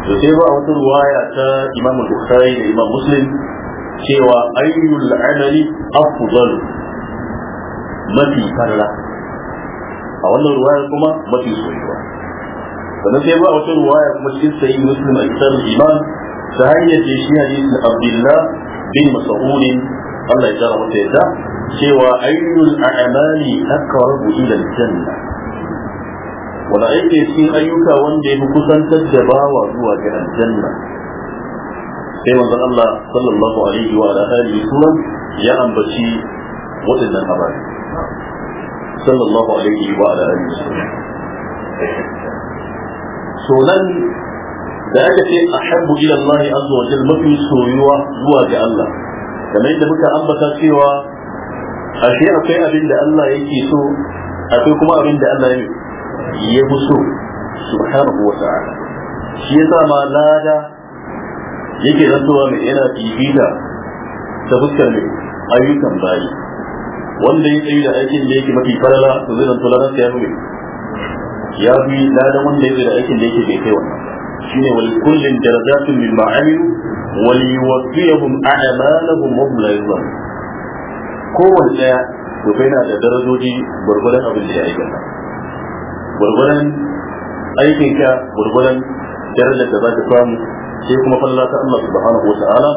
to ruwaya ta Imam Bukhari da Imam Muslim cewa ayyul amali afdal mafi farla a wannan ruwaya kuma mafi soyuwa ruwaya kuma iman ta hanyar da shi hadisin abdullah bin mas'udin Allah ya tsara masa yadda cewa ayyul a'mali aqrabu ila al-janna wala yake cikin ayyuka wanda ya fi kusantar da bawa zuwa ga aljanna sai manzon Allah sallallahu alaihi wa alihi wasallam ya ambaci waɗannan habari sallallahu alaihi wa alihi so nan da aka ce a habbu ila Allah azza wa jalla mafi soyuwa zuwa ga Allah kamar yadda muka ambata cewa ashe akwai abin da Allah yake so akwai kuma abin da Allah ya fi so subhanahu wa ta'ala shi ya sa ma lada yake zantowa mai yana fifita ta fuskar mai ayyukan bayi wanda ya tsaye da aikin da yake mafi farala to zai zanto ladan ya fi ya fi ladan wanda ya tsaye da aikin da yake bai kai wannan شنو ولكل درجات مما عملوا وليوفيهم اعمالهم وهم لا يظلمون كو ولا وبين الدرجوجي برغلن ابو اللي هيك برغلن اي كيكا برغلن درجة ذات كام شيء كما قال الله سبحانه وتعالى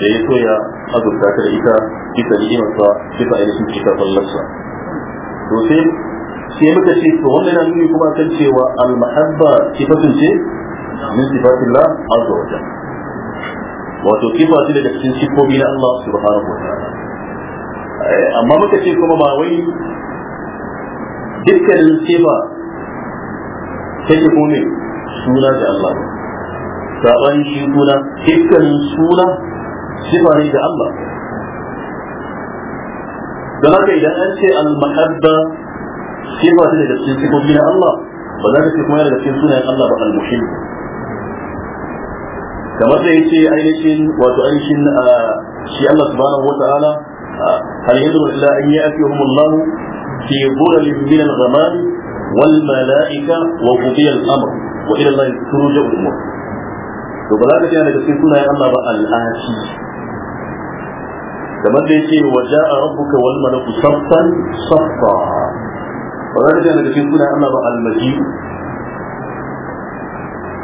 جئتوا يا أبو ذاكر إيكا في تليم الصلاة في تأليس كتاب الله صلى الله عليه وسلم سيما تشيء فهم لنا نقول كما كيف تنشئ min sifatillah azza wa jalla wato sifa ce daga cikin sifofi na Allah subhanahu wa ta'ala eh, amma muka ce kuma ba wai dukkanin sifa take kuma suna da Allah saban shi suna suna Allah don haka idan an ce al-mahabba sifa ce daga cikin sifofi na Allah ba za ka ce kuma yana daga cikin sunayen Allah ba al mushin kamar da yace ainihin wato ainihin shi Allah subhanahu wataala hal yadru illa an ya'tihum Allah fi dhulal min al-ghamam mala'ika wa qudiya al-amr wa ila Allah to ba za ka tana daga cikin sunayen Allah ba al kamar da yace wa ja'a rabbuka wal malaku ba za ka ba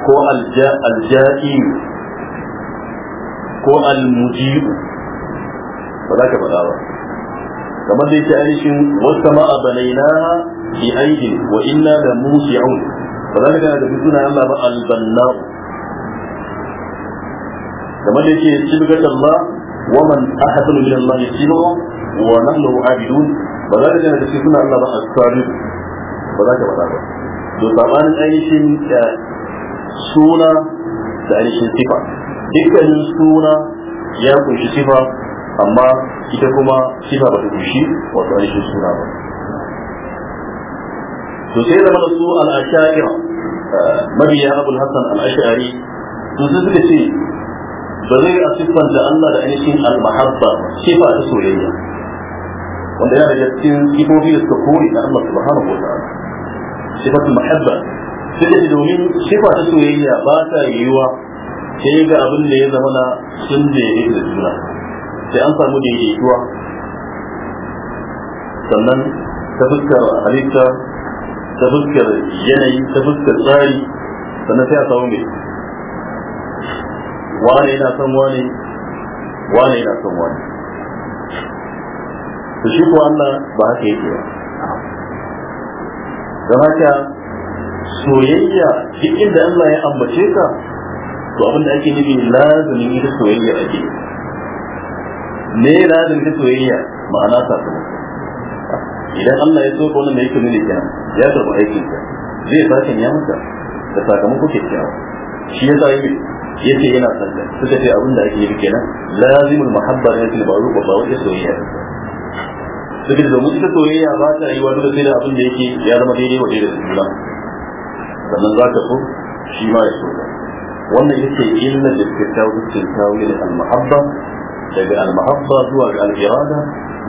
ko al ko al-mujibu ba za ka faɗa ba kamar da yake ainihin wasu ma a banaina bi aidin wa inna da musi'un ba za ka gana da suna Allah ba al-banna'u kamar da yake shibgat Allah wa man ahsanu min Allah shibu wa nahnu abidun ba za ka gana da suna Allah ba as-sabir ba za ka faɗa ba to sabanin ainihin eh, suna da ainihin sifa dukkanin suna ya kunshi sifa amma ita kuma sifa ba ta kunshi wato ainihin suna ba to sai da mana su al'ashari'a eh, mabiya abul hassan al'ashari sun su suka ce ba zai a siffan da Allah da ainihin al-mahabba sifa ta soyayya wanda yana da cikin sifofi da suka kori na Allah subhanahu wa ta'ala sifatul mahabba sai da domin sifa ta soyayya ba ta yiwuwa sai ga abin da ya zama na sun da ya da juna sai an samu da ya yi sannan ta fuskar halitta ta fuskar yanayi ta fuskar tsari sannan sai a samu mai wane yana son wane wane yana son wane su shi ko Allah ba haka yake ba don haka soyayya duk inda Allah ya ambace ka to abin da ake nufi lazumin ita soyayya ake ne lazumin ita soyayya ma'ana sakamako idan Allah ya so ka wannan yake nuna kenan ya karɓi aikin ka zai ka ya ka da sakamako kyakkyawa shi ya sa yi ce yana sanda suka ce abin da ake yi kenan lazimul mahabba da yake baro ba wai soyayya suka ce domin ita soyayya ba ta yi wani da sai da abin da yake ya zama daidai wa daidai da sannan za ka so shi ma ya so wannan yake illa da fitawucin da al-mahabba daga al-mahabba zuwa ga al-irada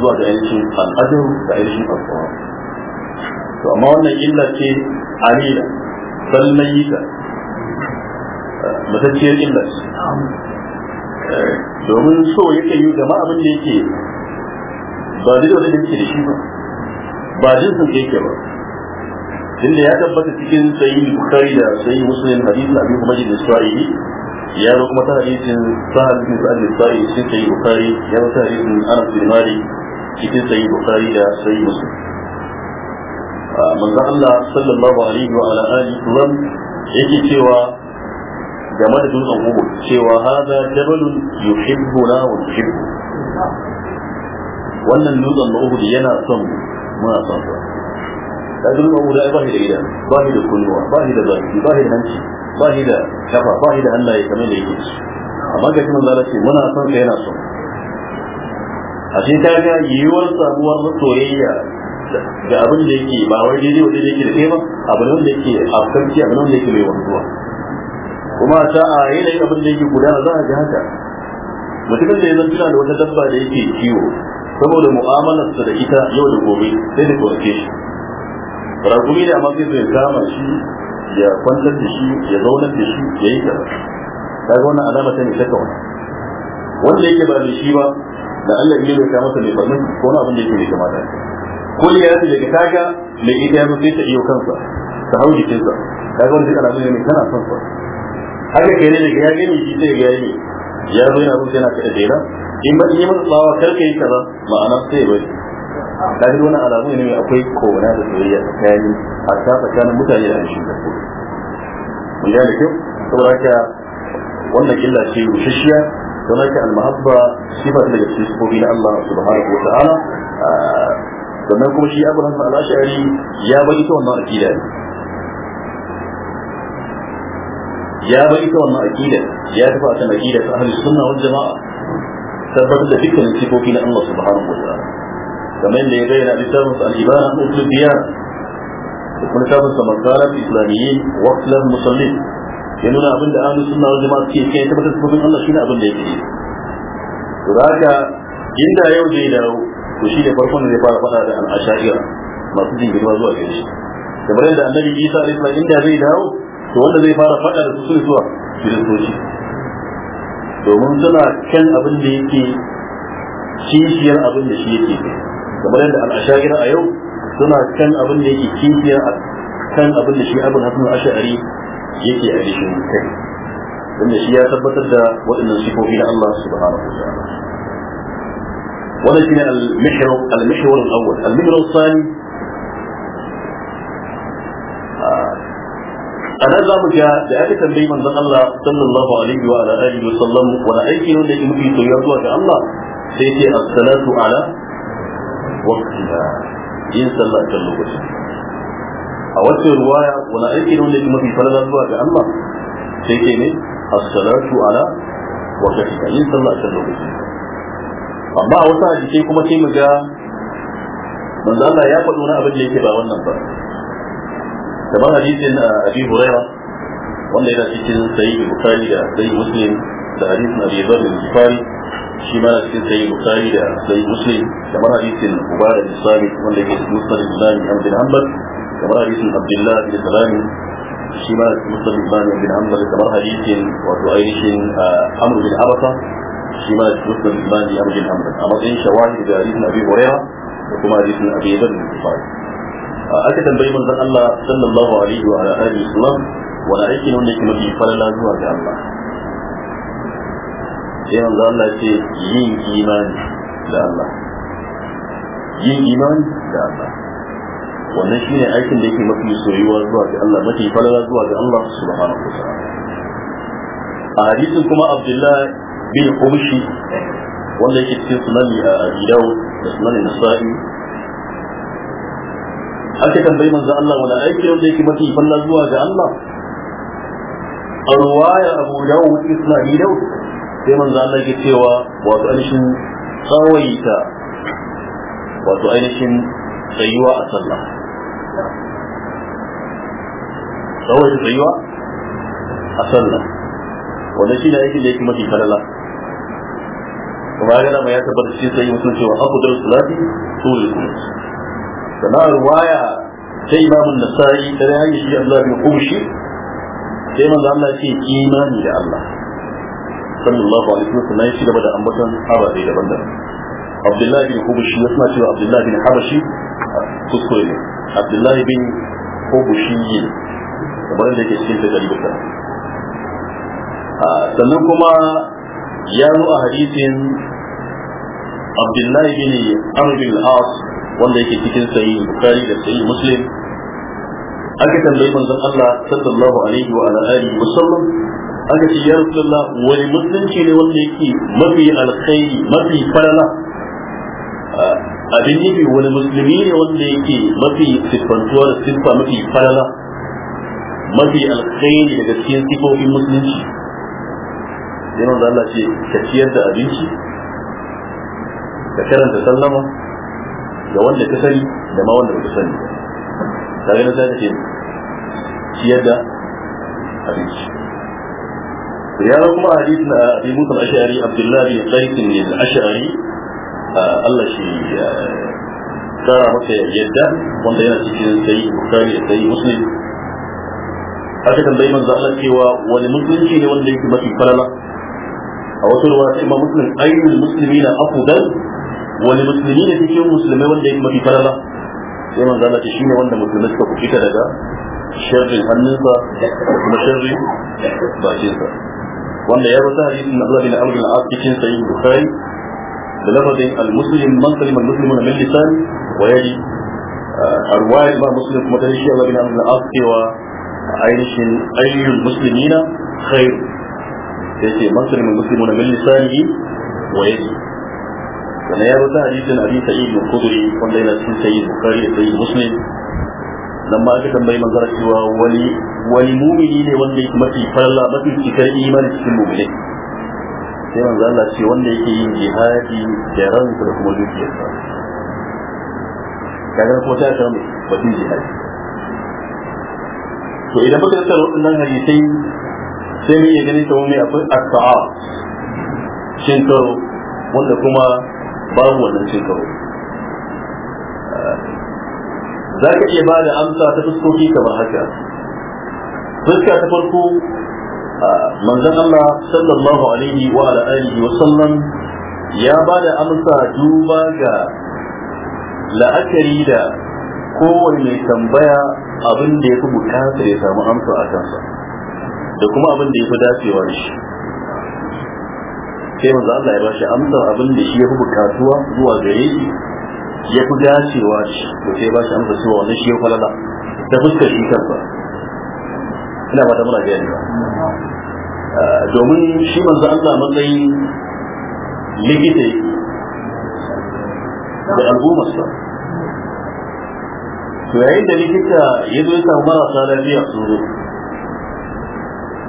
zuwa ga 'yancin al-adab da ainihin al-qur'an to amma wannan illa ce alila sallayita matacciyar illa domin so yake yi gama abin da yake ba duk da yake da shi ba ba jinsin da yake ba inda ya tabbata cikin sayi bukhari da sayi muslim hadisin abi majid isra'ili ya zo kuma ta hadisin sahal bin sa'ad isra'ili cikin sayi bukhari ya zo ta hadisin anas bin malik cikin sayi bukhari da sayi muslim manzo Allah sallallahu alaihi wa ala alihi wa yake cewa game da dutsen Uhud cewa hada jabalun yuhibbuna wa yuhibbu wannan dutsen Uhud yana son muna son sa da zulun ma'uda ba shi da idan ba shi da kunnuwa ba shi da baki ba shi da hanci ba shi da kafa ba shi da Allah ya kamar da yake amma ga shi manzala ce muna son ka yana son a shi ta ga yiwuwar samuwar soyayya ga abin da yake ba wai daidai wa daidai yake da kai ba abu ne wanda yake afkanci ne wanda yake mai wanzuwa kuma ta a yanayin abin da yake gudana za a ji haka mutumin da ya zan tuna da wata dabba da yake ciwo saboda mu'amalarsa da ita yau da gobe sai da kwarke shi ragumi ne amma zai kama shi ya kwantar da shi ya zaunar da shi ya yi gaba ga wannan alama ta ne ta kawai wanda yake ba da shi ba da Allah ya bai kama ta ne ba ko na abin da yake bai kama da ko ya rasa daga kaga mai ita ya zo sai ta iyo kansa ta hau jikinsa kaga wanda duka alamu ne kana son sa haka kai ne daga ya gani shi sai ya gani ya zo yana rubuta yana kaɗa jera in ba in yi masa tsawa kar ka yi kaza ma'ana sai ya bari lafi wannan alamu ne akwai kona da soyayya tsakanin a ta tsakanin mutane da shi mun ga kyau saboda ka wannan killa ce rushashiya don haka al-mahabba sifa daga cikin sifofi na Allah subhanahu wa ta'ala sannan kuma shi abu hasan al-ash'ari ya bai ta wannan aqida ya bai ta wannan aqida ya tafi a cikin aqida ta ahli sunna wal jamaa tabbatar da dukkanin sifofi na Allah subhanahu wa ta'ala kamar da ya bayyana littafin sa al-ibana usul diyar kuma littafin sa makarat islamiyyin waqlan musallin ya nuna abin da ahlus sunna wal jama'a suke kai tabbatar da sunan Allah shine abin da yake to haka inda yau zai dawo to shi ne farkon da zai fara fada da al-ashariya masu jingirwa zuwa gare shi kamar yadda annabi Isa alaihi salam inda zai dawo to wanda zai fara fada da su zuwa kiristoci domin suna kan abin da yake kishiyar abin da shi yake kamar yadda al'ashaira a yau suna kan abin da yake kifiya a kan abin da shi abin hasan ash'ari yake a cikin kai wanda shi ya tabbatar da waɗannan sifofi na Allah subhanahu wa ta'ala wannan shine al-mihrab al-mihrab al-awwal al-mihrab al-thani anan za mu ga da aka tambayi manzon Allah sallallahu alaihi wa alihi wa sallam wani aiki ne da yake mafi soyuwa zuwa ga da yin sallah kan lokacin a wata ruwaya wani aiki ne wanda yake mafi farala zuwa ga Allah sai ke ne as-salatu ala da yin sallah kan lokacin amma a wata hadisi kuma sai mu ga manzo Allah ya faɗo wani abin da yake ba wannan ba kamar hadisin ah, Abi Hurairah wanda yana cikin sahih Bukhari da sahih Muslim da hadisin Abi Dharr al-Bukhari shi ma cikin sayi bukari da sayi muslim kamar hadisin ubara da sami wanda ke musnad islami an bin hanbal kamar hadisin abdullah bin salami shi ma musnad islami an bin hanbal kamar hadisin wato ainihin ah, amr bin abasa shi ma musnad islami an bin hanbal a matsayin shawahid da hadisin abi huraira da kuma hadisin abi zar bin bukhari ah, aka tambayi manzon Allah sallallahu alaihi wa alihi wasallam wani aiki ne wanda yake mafi falala zuwa ga Allah sai manzo Allah ce yin imani da Allah yin imani da Allah wannan shine aikin da yake mafi soyuwa zuwa ga Allah mafi falala zuwa ga Allah su ba wa ta'ala a hadisin kuma Abdullah bin Qumshi wanda yake cikin sunani a Abi da sunani Nasa'i aka tambayi manzo Allah wani aiki wanda yake mafi falala zuwa ga Allah a ruwaya Abu Dawud isna Abi Dawud sai man Allah ke cewa wato ainihin tsawaita wato ainihin tsayuwa a sallah tsawaita tsayuwa a sallah wanda shi da yake da yake mafi falala kuma ya gana mai ya tabbata shi sai mutum cewa abu da salati tul kunut sana ruwaya sai imamun da sa'i ya yi shi Allah bin Qumshi sai man Allah ce imani da Allah sallallahu alaihi wasallam ya ci gaba da ambaton ababe daban-daban abdullahi bin hubushi wasu suna cewa abdullahi bin habashi kuskure ne abdullahi bin hubushi yi kamar da ke cikin da dari ah, sannan kuma ya zo a hadisin abdullahi bin amr bin al-as wanda yake cikin sahih Bukari da sahih muslim aka tambayi manzon Allah sallallahu alaihi wa alihi wa sallam aka ce ya rasulullah wani musulunci ne wanda yake mafi alkhairi mafi farala ah, abin nufi wani musulmi ne wanda yake mafi siffantuwa da siffa mafi farala mafi alkhairi daga cikin sifofin musulunci yana da Allah ce ka ciyar da abinci ka karanta sallama da wanda ka sani da ma wanda ka sani kaga na sai ka ce ciyar da abinci ya kuma hadisin abi musa al-ash'ari abdullahi bin al-ash'ari Allah shi kara maka yadda wanda yana cikin sai bukari da sai muslim aka tambayi manzo Allah cewa wani musulunci ne wanda yake mafi falala a wasu ruwa sai imam muslim ayyul muslimina afdal wani musulmi ne cikin musulmai wanda yake mafi falala sai manzo Allah ce shine wanda suka daga sharrin hannunsa kuma wanda ya rawaita hadisin Abdullah bin Amr bin Al-As cikin sahih Bukhari da lafazin al-muslim man salima al-muslimuna min lisan wa yadi ah, arwaya ba muslim kuma ta shi Allah bin Amr bin Al-As cewa ainihin ayyul muslimina khair yace man salima muslimuna min lisanihi wa yadi sannan ya rawaita hadisin Abi Sa'id al-Khudri wanda yana cikin sahih Bukhari da sahih Muslim nan ma aka tambayi manzara cewa wani wani mumini ne wanda yake mafi farla mafi cikar imani cikin mumini sai manzo Allah ce wanda yake yin jihadi da ransa da kuma dukiyarsa kaga ko ta ta mu batun jihadi to idan muka tsara wannan hadisai sai mu yi ganin cewa mai akwai as shin to wanda kuma babu wannan shin za ka iya ba da amsa ta fuskoki kamar haka fuska ta farko manzon Allah sallallahu alaihi wa ala alihi wa sallam ya ba da amsa duba ga la'akari da kowane mai tambaya abin da ya fi bukata ya samu amsa a kansa da kuma abin da ya fi dacewa da shi sai manzo Allah ya bashi amsa abin da shi ya fi bukatuwa zuwa gare shi ya fi dacewa shi ko sai ba shi an cewa wannan shi ya kwalala da fuskar shi ba, ina ah, ba ta muna gaya ne domin shi manzo Allah matsayin likita da sa, to yayin da likita ya zo ya samu marasa lafiya sun zo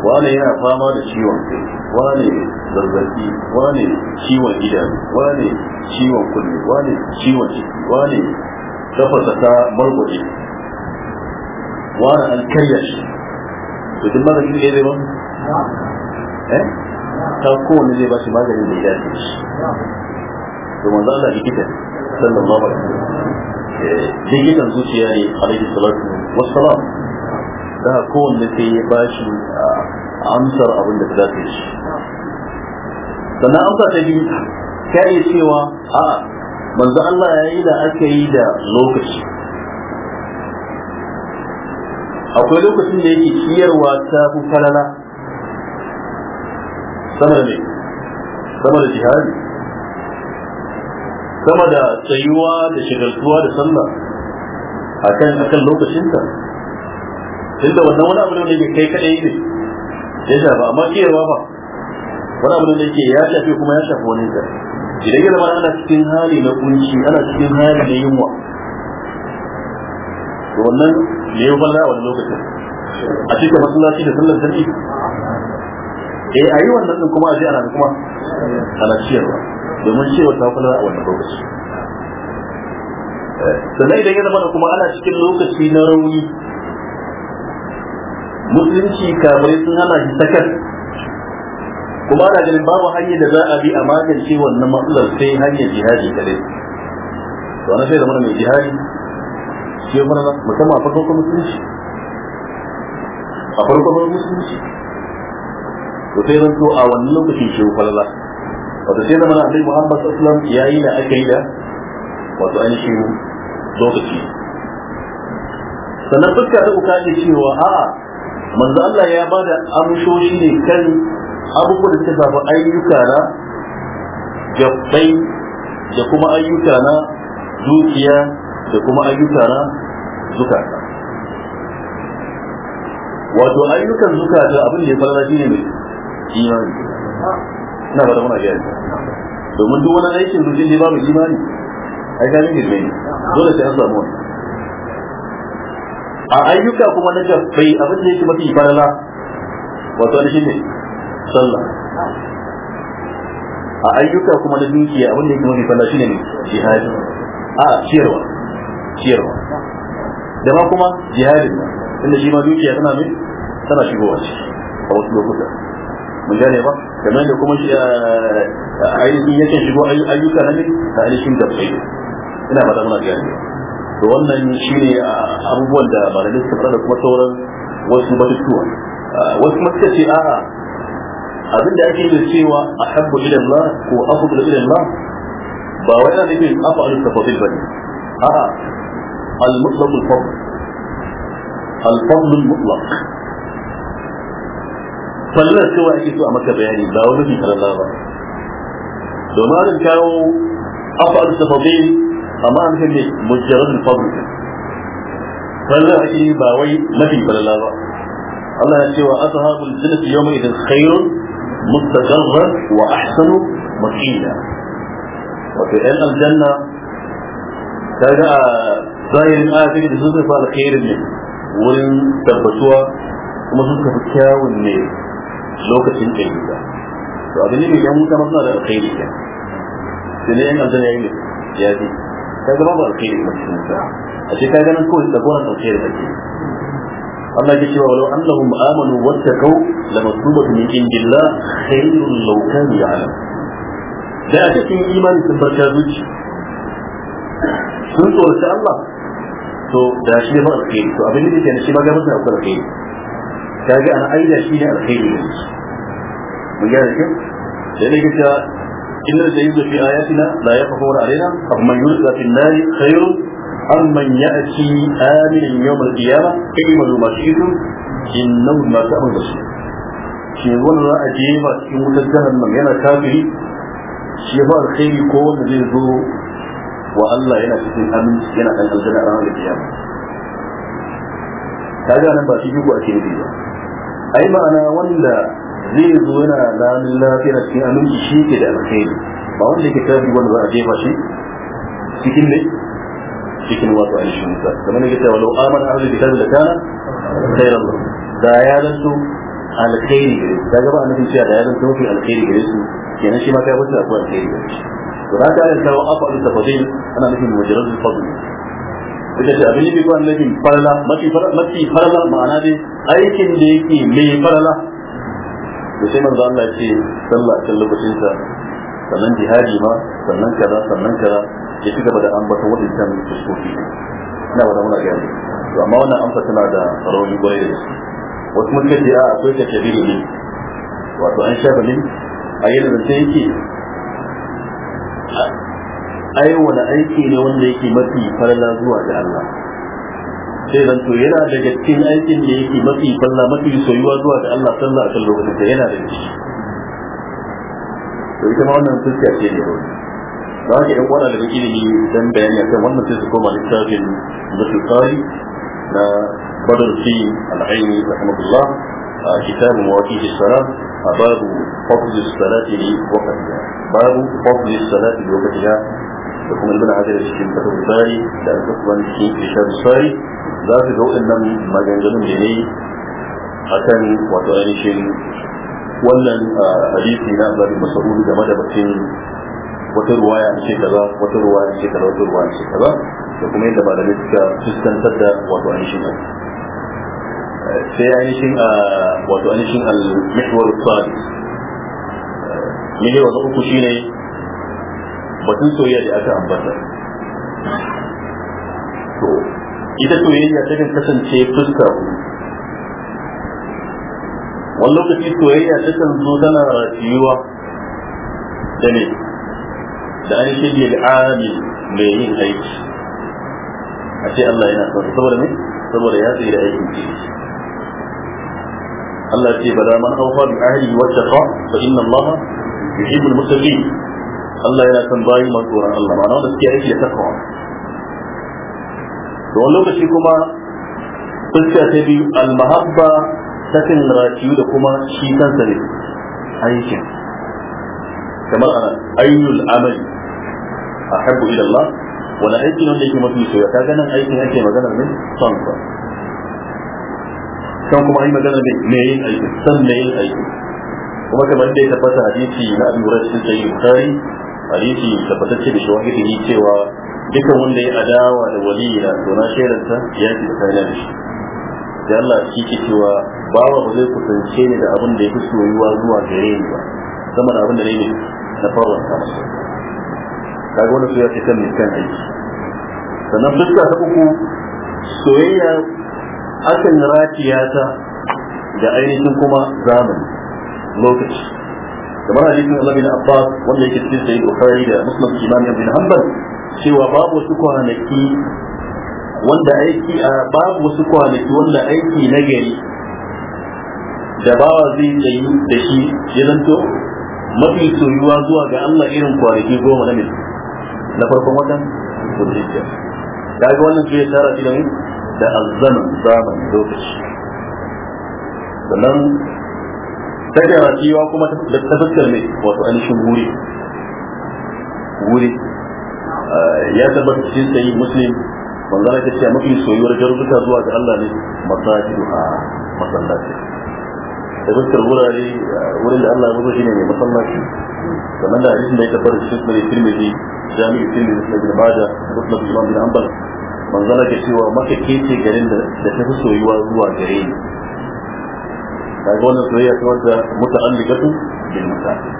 wane yana fama da ciwon kai wane zazzabi wane ciwon idanu wane ciwon kunne wane ciwon ciki wane tafasa ta margwaje wane an karya shi to duk mara gini zai ba eh ta kowane zai ba shi magani da ya dace shi to manzo Allah likita sallallahu alaihi wasallam likitan eh, zuciya ne alaihi salatu wassalam da kowanne sai ya bashi amsar abin da za ta yi sannan amsa ta biyu ka iya cewa a manzo Allah ya yi da aka yi da lokaci akwai lokacin da yake ciyarwa ta fi falala sama da ne sama da jihari, sama da tsayuwa da shigaltuwa da sallah akan kan lokacinta tunda wannan wani abu ne mai kai kaɗai ne ya shafa amma ciyarwa ba wani abu da ke ya shafe kuma ya shafa wani da idan ya zama ana cikin hali na kunci ana cikin hali na yunwa to wannan ne ya balla wani lokacin a cikin masallaci da sallar sarki eh yi wannan din kuma a je ana kuma ana ciyarwa domin cewa ta kula a wannan lokaci eh, sannan idan ya zama kuma ana cikin lokaci na rauni musulunci kamar sun hana shi sakar kuma ana ganin babu hanyar da za a bi a magance wannan matsalar sai hanyar jihadi kadai to ana sai da mana mai jihadi shi mana musamman a farkon musulunci a farkon musulunci to sai zan a wannan lokacin shi falala wato sai mana abin Muhammad sallallahu ya yi yayi da aka yi da wato an shi lokaci sannan fuska ta uka ce cewa a'a manzo Allah ya ba da amshoshi ne kan abubuwan da suka shafi ayyuka na jabbai da kuma ayyuka na dukiya da kuma ayyuka na zukata wato ayyukan zukata abin da ya fara shi ne mai imani ina ba da muna gani domin duk wani aikin zuci ne babu imani ai gani ne dole sai an samu wani a ayyuka kuma na gabbai abin da yake mafi farala wato da shi ne sallah a ayyuka kuma na dukiya abin da yake mafi farala shi ne jihadi a ciyarwa ciyarwa da ma kuma jihadin nan inda shi ma dukiya tana ne tana shigowa ciki a wasu lokuta mun gane ba kamar da kuma shi eh, ainihin yakan shigo ayyuka na ne a ainihin gabbai ina ba ta muna jihadi ba to wannan shine ah, abubuwan da ba malamai suka fara da kuma sauran wasu batutuwa ah, wasu kuma suka ce a, abin da ake da cewa a habbu ilan la ko afudu ilan la ba wai yana nufin afu al tafadil bane a'a al mutlaq al fadl al fadl al mutlaq fallar cewa ake so a maka bayani ba wani bi kalalla ba domin an kawo afu al tafadil amma an ne mujarrad al-fadl falla ake ba wai mafi balala ba Allah ya ce wa ashabul jannati yawma idin khairun mustaqarra wa ahsanu maqila wato ɗan aljanna ta ga a zahirin ayatun da sun zafa alkhairin ne wurin tabbatuwa kuma sun tafi kyawun ne lokacin ɗayyuka to abin da ke yan mutane suna da alkhairi ne sai ne yan aljanna ya yi ne ya ji ka zama ba alkhairi ba cikin sa a ce ka ganin kawai tsagoran alkhairi kake Allah ya ce wa walau annahum amanu wattaqau lamaktubatu min indillah khairun law kanu ya'lam da a cikin imani sun barka zuci sun tsoraci Allah to da shi ba alkhairi to abin da yake ne shi ma ga masa akwai alkhairi kaga an aida shi ne alkhairi ne mun ga ne da ne ga إن الذين في آياتنا لا يخافون علينا أمن يلقى في النار خير أم من يأتي آمنا يوم القيامة اعملوا ما شئتم إنه ما تعمل بصير shi wani za a jefa cikin wutar jahannam yana kafiri shi ba alkhairi ko wanda zai zo wa Allah yana cikin aminci yana kan aljanna a ranar kiyama ta ga nan ba shi a cikin ba ai ma'ana wanda zai zo yana ranar lafiya cikin aminci shi ke da alkhairi ba wanda ke tafi wanda za a jefa shi cikin ne cikin wasu ainihin sa kamar yadda cewa lau amana ahlul kitab da kana khairan da ya zanto alkhairi gare su gaba a annabi cewa da ya zanto mafi alkhairi gare su kenan shi ma kai wata akwai alkhairi gare shi to ta ka ayyuka wa afa da tafadil ana nufin mujarrad fadl ita ce abin da ke ko annabin farala mafi farala ma'ana dai aikin da yake mai farala da sai manzo Allah ya ce sallah a kan lokacin sa sannan jihadi ma sannan kaza sannan kaza ya ci gaba da ambata waɗancan fuskoki ina wata muna gani to amma wannan amsa tana da rauni da su. wasu mun kace a akwai ta kabiri ne wato an shafa ne a yadda da sai yake ai wani aiki ne wanda yake mafi farla zuwa ga Allah sai zan to yana daga cikin aikin da yake mafi falla mafi soyuwa zuwa da Allah sallah a kan lokacin da yana da shi to ita ma wannan fuska ce ne ba ka yan kwana daga ilimi dan bayani akan wannan sai su koma littafin mutul qari na badar fi al-aini rahmatullah a kitabun mawaqit as-salat babu fadl as-salati li babu fadl as-salati li da kuma ibn hajar cikin fatul bari da al-qur'an cikin ishar sari za su ga waɗannan maganganun da ne akan wato ainihin wannan hadisi na Abu Mas'ud game da batun wata ruwa ya ce kaza wata ruwa ya ce kaza wata ruwa ya ce kaza da kuma yadda malamai suka fuskantar da wato ainihin sai ainihin wato ainihin al-mihwar sadi mihwar uku shine batun soyayya da aka ambata to ita soyayya ta kan kasance fuska wani lokaci soyayya ta kan zo tana rayuwa da ne da an da al'ami mai yin aiki a ce Allah yana son saboda ne saboda ya tsira aikin ce Allah ce bala man aufa bi ahli wa taqa fa inna Allah yuhibbul muttaqin Allah yana son bayi masu tsoron Allah Na wanda suke aiki ya da wa. da wani lokaci kuma fuska ta biyu almahabba ta kan raciyu da kuma shi kansa ne aikin kamar a ayyul amali a habbu ila Allah wani aiki ne wanda yake mafi soyayya ta ganin aikin ake maganar ne son sa kan kuma yi maganar ne me yin aiki san me yin aiki kuma kamar da ya tabbata hadisi na Abu Hurairah cikin Sahih Bukhari hadisi tabbatacce da shawar gidi cewa dukkan wanda ya adawa da wali to na shaidarsa ya ce tsakanin da shi da Allah shi ke cewa bawa ba zai kusance ni da abin da ya fi soyuwa zuwa gare ni ba sama da abin da ne na farwar ta kaga wani soya ce kan kan aiki sannan fuska ta uku soyayya akan ratiya ta da ainihin kuma zamani lokaci kamar hadisin Allah bin Abbas wanda yake cikin sahih Bukhari da Muslim Imam Ibn Hanbal cewa babu wasu kwanaki wanda aiki babu wasu kwanaki wanda aiki na gari da bawa zai yi da shi ya zanto mafi soyuwa zuwa ga Allah irin kwanaki goma na mai na farkon watan Zulhijja kaga wannan sai ya tara shi da azzanin zaman lokaci sannan dadewa giwa kuma da ta ne wato anishin wuri wuri eh, ya tabbata cikin sayi muslim manzo Allah ya mafi soyuwar jarzuka zuwa ga Allah ne masajiduha masallaci da wurare eh, wurin da Allah ya zo shine mai masallaci kamar da hadisin da ya tabbata cikin sunan Tirmidhi jami'u da Ibn da Ibn Imam bin Hanbal manzo Allah ya maka kece garin da ta fi soyuwa zuwa gare ni kaga wannan soyayya ta wanda muta'alliqatu bil masafi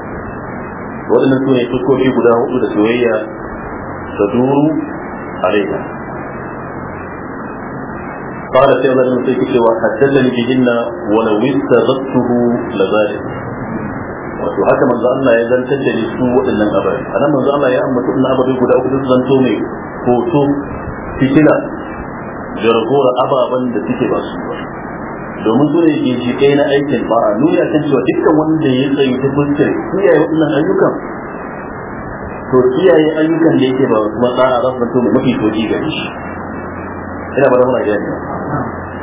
wadannan sune tuskoki guda hudu da soyayya ta duru قال سيدنا المسيح cewa haddallani bihinna wa law istazattuhu la wato haka manzo Allah ya zantar da su waɗannan abarai anan manzo Allah ya ambata wannan abarai guda uku da zanto mai hoto fitila jargora ababan da suke ba su ba domin su ne ginshiƙai na aikin bara nuna kan cewa dukkan wanda ya tsayi ta fuskar kiyaye wannan ayyukan to kiyaye ayyukan da yake ba kuma tsara za su zanto mafi soji gare shi ina ba da muna gani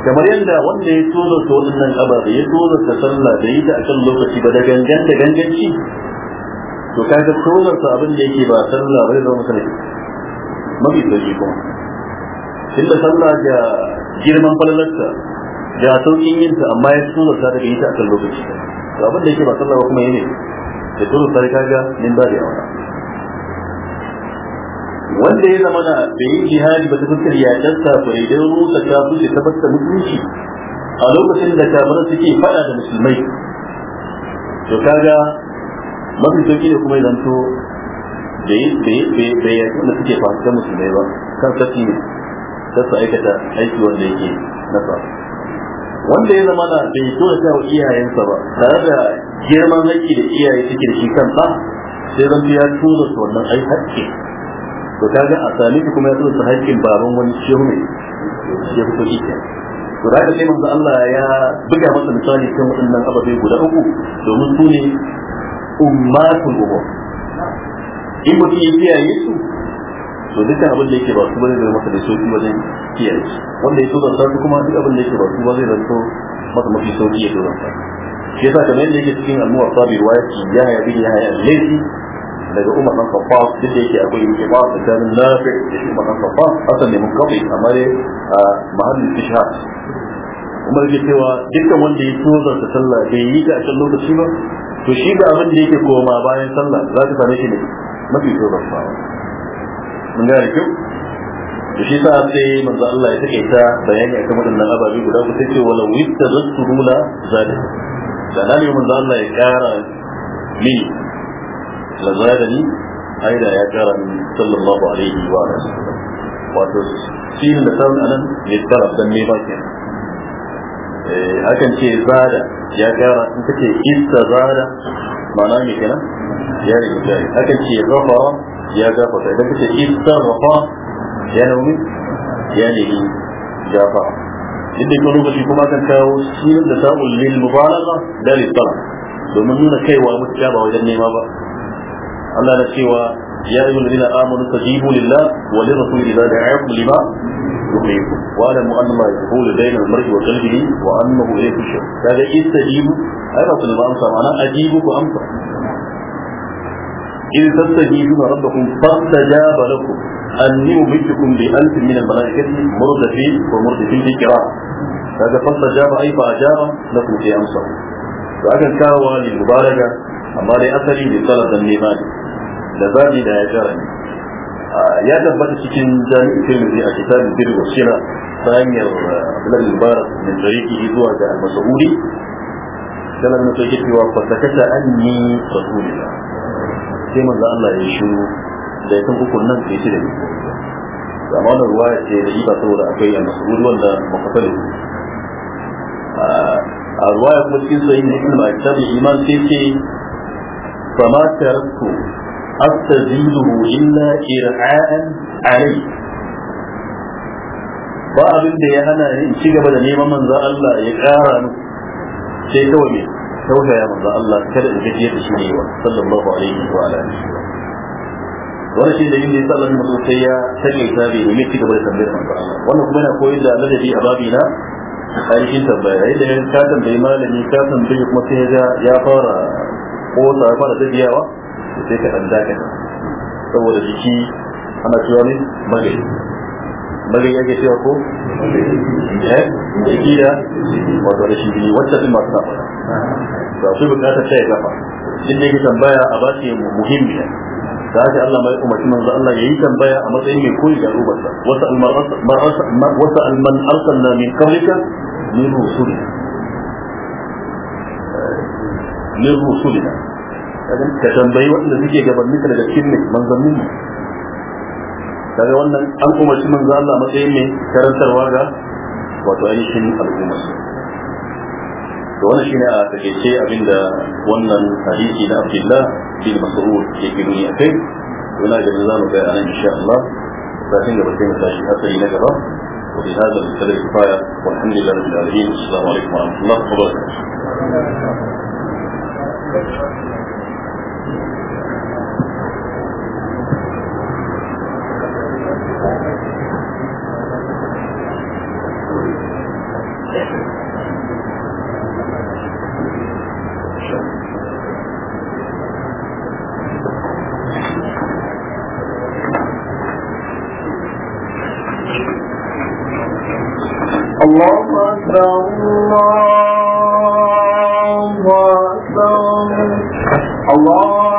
kamar yadda wanda ya tozo ta waɗannan da ya tozo ta sallah da yi ta a kan lokaci ba da gangan da ganganci to kaga tozar ta abin da yake ba sallah bai zama masa mafi soji kuma tunda sallah ga girman falalarsa da saukin yin ta amma ya tsoro sa daga ita kan lokaci to abin da yake ba sallah kuma yene da turu sai kaga nin ba da yawa wanda ya zama na bai yi jihadi ba ta fuskar yaƙar kafirai don rusa su ta fuskar mutunci, a lokacin da kamar suke faɗa da musulmai to kaga mafi sauki da kuma zanto bai yaƙi wanda suke fasikan musulmai ba kan sassi ne sassa aikata aiki wanda yake nasa wanda ya zama da bai kyauta wa iyayensa ba tare da girman haƙƙi da iyaye suke shi kan ba sai zan biya tura su wannan ai haƙƙi to kaga a sami kuma ya tura su haƙƙin baban wani ciwo ne ya fito ita. to da sai manzo Allah ya buga masa misali kan waɗannan ababe guda uku domin su ne ummatul umur in mutum ya kiyaye su to dukkan abin da yake ba su bane zai masa da sauki wajen kiyaye wanda ya tozarta su kuma duk abin da yake ba su ba zai zanto masa mafi sauki ya tozarta shi yasa kamar yadda yake cikin al'ummar sabi ruwa yake ya ya bi ya ya laifi daga umar dan kafa duk da yake akwai yake ba da dan nafi da shi umar dan kafa asan ne mun kafi amma ne a mahallin tishah umar yake cewa dukkan wanda ya tozarta sallah bai yi ga a lokaci ba to shi ba abin da yake koma bayan sallah za ka same shi ne mafi tozartawa mun gane kyau da shi sa sai manzo Allah ya take ta bayani akan waɗannan ababe guda ku sai ce wala witta rasuluna zalik da nan ne manzo Allah ya kara ni la zadani aida ya kara ni sallallahu alaihi wa sallam wato shi da sauran anan ne taraf dan ne ba kenan akan ce zada ya kara in kace ista zada ma'ana ne kenan ya rike akan ce ghafara ya gafarta idan kace istaghfa ya naumi ya nemi gafa duk da lokaci kuma kan kawo shirin da samun lil mubalagha da lil talab domin nuna kaiwa mutiya ba wajen nema ba Allah na cewa ya ayyuhal ladina amanu tajibu lillah wa lirrasul idza da'akum lima yuhyikum wa alamu anna ma yaqulu da al-mar'i wa qalbihi wa annahu ilayhi tushur kaga istajibu ai ba su da amsa ma'ana ajibu ku amsa إذ تستجيبون ربكم فاستجاب لكم أني أمدكم بألف من الملائكة مردفين ومردفين بكرام هذا فاستجاب أي فأجاب لكم في أمسه فأكن كاوى للمباركة أما لأثري لطلب النيمان لبالي لا يجارني ya tabbata cikin jami'in tirmidhi a kitabin bir wa sira ta hanyar abdullahi mubarak min tarihi zuwa ga al-mas'udi sanan ne yake cewa fa sakata anni rasulullah sai manzo Allah ya shiru da ya san ukun nan sai shi da da amma wannan ruwa ya ce da ba saboda akwai a mas'ud wanda makafali a ruwa ya kuma cikin sayin da kuma ta da iman sai ce fa ma tarku astazilu illa ir'a'an alai ba abin da ya hana ni in ci gaba da neman manzo Allah ya kara ni sai kawai tausaya manzo Allah kada in gajiyar da shi ne wa sallallahu alaihi wa alihi wani shi da yin da sallan mutum sai ya sanya tabi da miki gaba da tambayar manzo Allah wannan kuma yana koyar da ladabi a babina ainihin tambaya yayin da ka tambayi malami ka tambayi kuma sai ya ya fara ko ta fara tafiyawa sai ka dan dakata saboda jiki ana cewa ne magani magani yake cewa ko eh jiki da wato da shi wacce din masu to akwai bukatar ta ya gafa duk da yake tambaya a ba ce muhimmiya da haka Allah mai umarci manzo Allah ya yi tambaya a matsayin mai koyi da rubarsa wasa al-marasa wasa al arsalna min qablika min rusuli eh, min rusulina ka tambayi waɗanda suke gabanin ka daga cikin ne manzannin daga wannan an umarci manzo Allah matsayin mai karantarwa ga wato ainihin al'ummar to wannan shine a takeice abinda wannan hadisi na Abdullah bin Mas'ud yake nuni akai wannan da za mu ga anan insha Allah sakin gaba sai mu tashi asali na gaba wa bi hadha al-qadr kifaya walhamdulillahi rabbil alamin assalamu alaikum wa rahmatullahi wa barakatuh Allah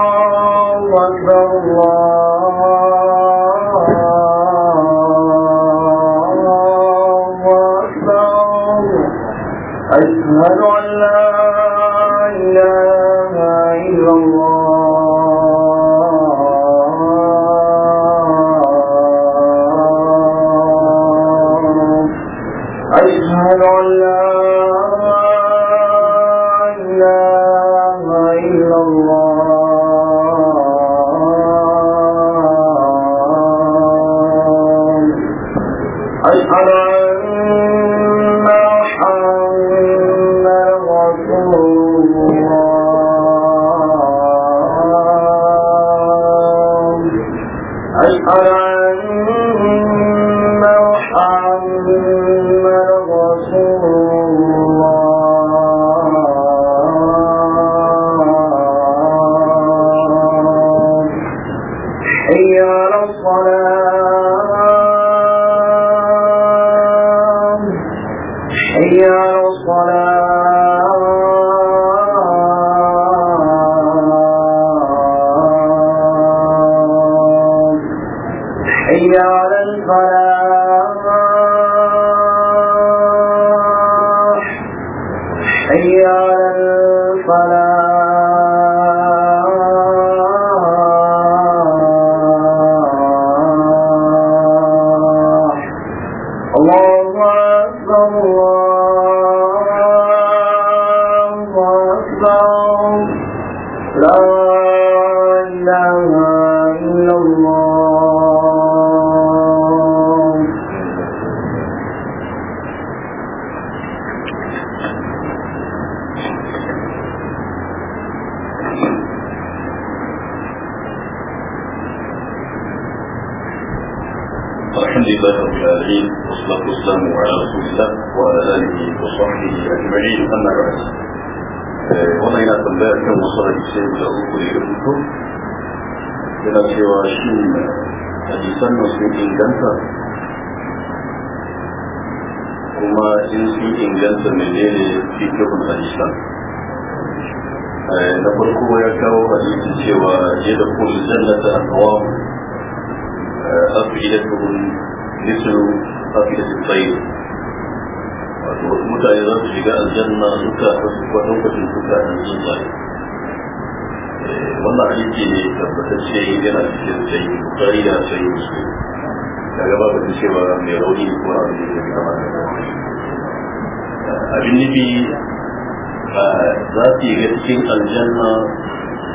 su cewa mai rauni ko abin da ya kama da abin nufi za su yi ga cikin aljanna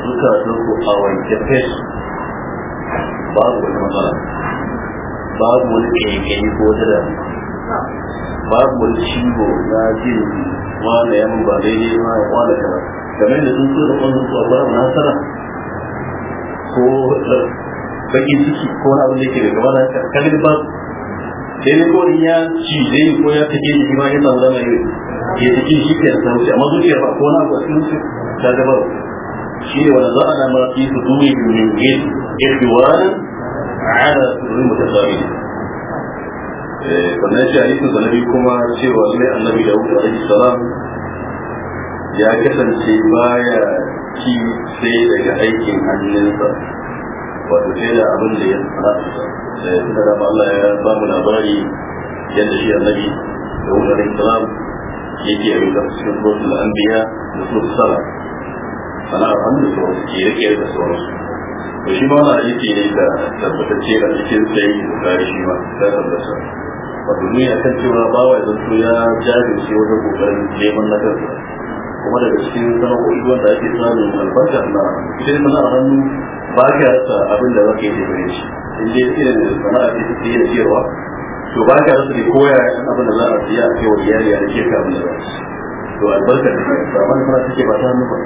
zukatan ku a wanke fes babu wani matsala babu wani kanyakanyi ko wata da babu wani shigo na jin wani yamin ba daidai ma ya kwana kama game da sun so da kwanan su a babu nasara ko bakin ciki ko wani abin da ke da gaba na kalin babu sai ne kawai ya ci ko ya take ma ya san zama ne ya take shi ke amma zuciya ba ko na ba sun shi da shi ne wani za a eh, na fi su duni min gid ihwan ala surin mutasawi sannan shi a yi sun kuma cewa ne annabi da wuta alaihi salam ya kasance baya ci sai daga aikin hannunsa wato sai da abin da ya tsara eh, da ya tsara ba Allah ya ba mu labari yadda shi annabi da wurin islam yake yi da cikin rusul anbiya da su tsara. ana amfani da su ke rike da sauransu to shi ma wani aiki ne da tabbatacce a cikin sai da kare shi ma da tabbata wato ni akan cewa bawa ya zanto ya jajirce wajen kokarin neman na kansa kuma daga cikin sana'o'i wanda ake samun albarka na sai a hannu ba ka rasa abin da za ka yi da shi in dai irin sana'a ce ta tsaye da cewa to ba ka rasa da koya yan abin da za a siya a cewa iyali a rike ka abin da za to albarka da ka yasa wani sana'a take ba ta hannu ba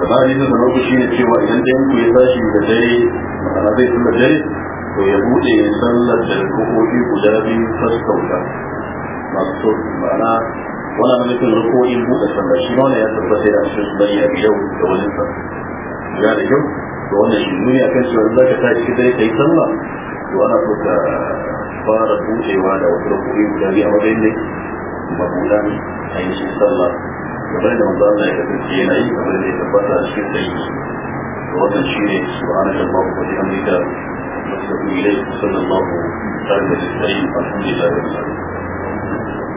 da ba ni zama ku ne cewa idan ɗayan ku ya tashi da dare ma'ana zai da dare to ya buɗe sallar da kokoki guda biyu sassauta masu ma'ana wannan nufin rukunin buɗe sallah shi ma ya tabbata ya cikin sunani a yau da wani sa ya da yau da wannan shi nuni a kan cewa za tashi dare ka yi sallah to ana so ka fara buɗewa da wasu rukunin guda biyu a matsayin ne mabuɗan a yi shi sallah kamar da manzo Allah ya kasance yana yi kamar da ya tabbata a cikin to wannan shi ne subhanaka wa bihamdika نستقبل اليك صلى الله عليه وسلم الحمد لله رب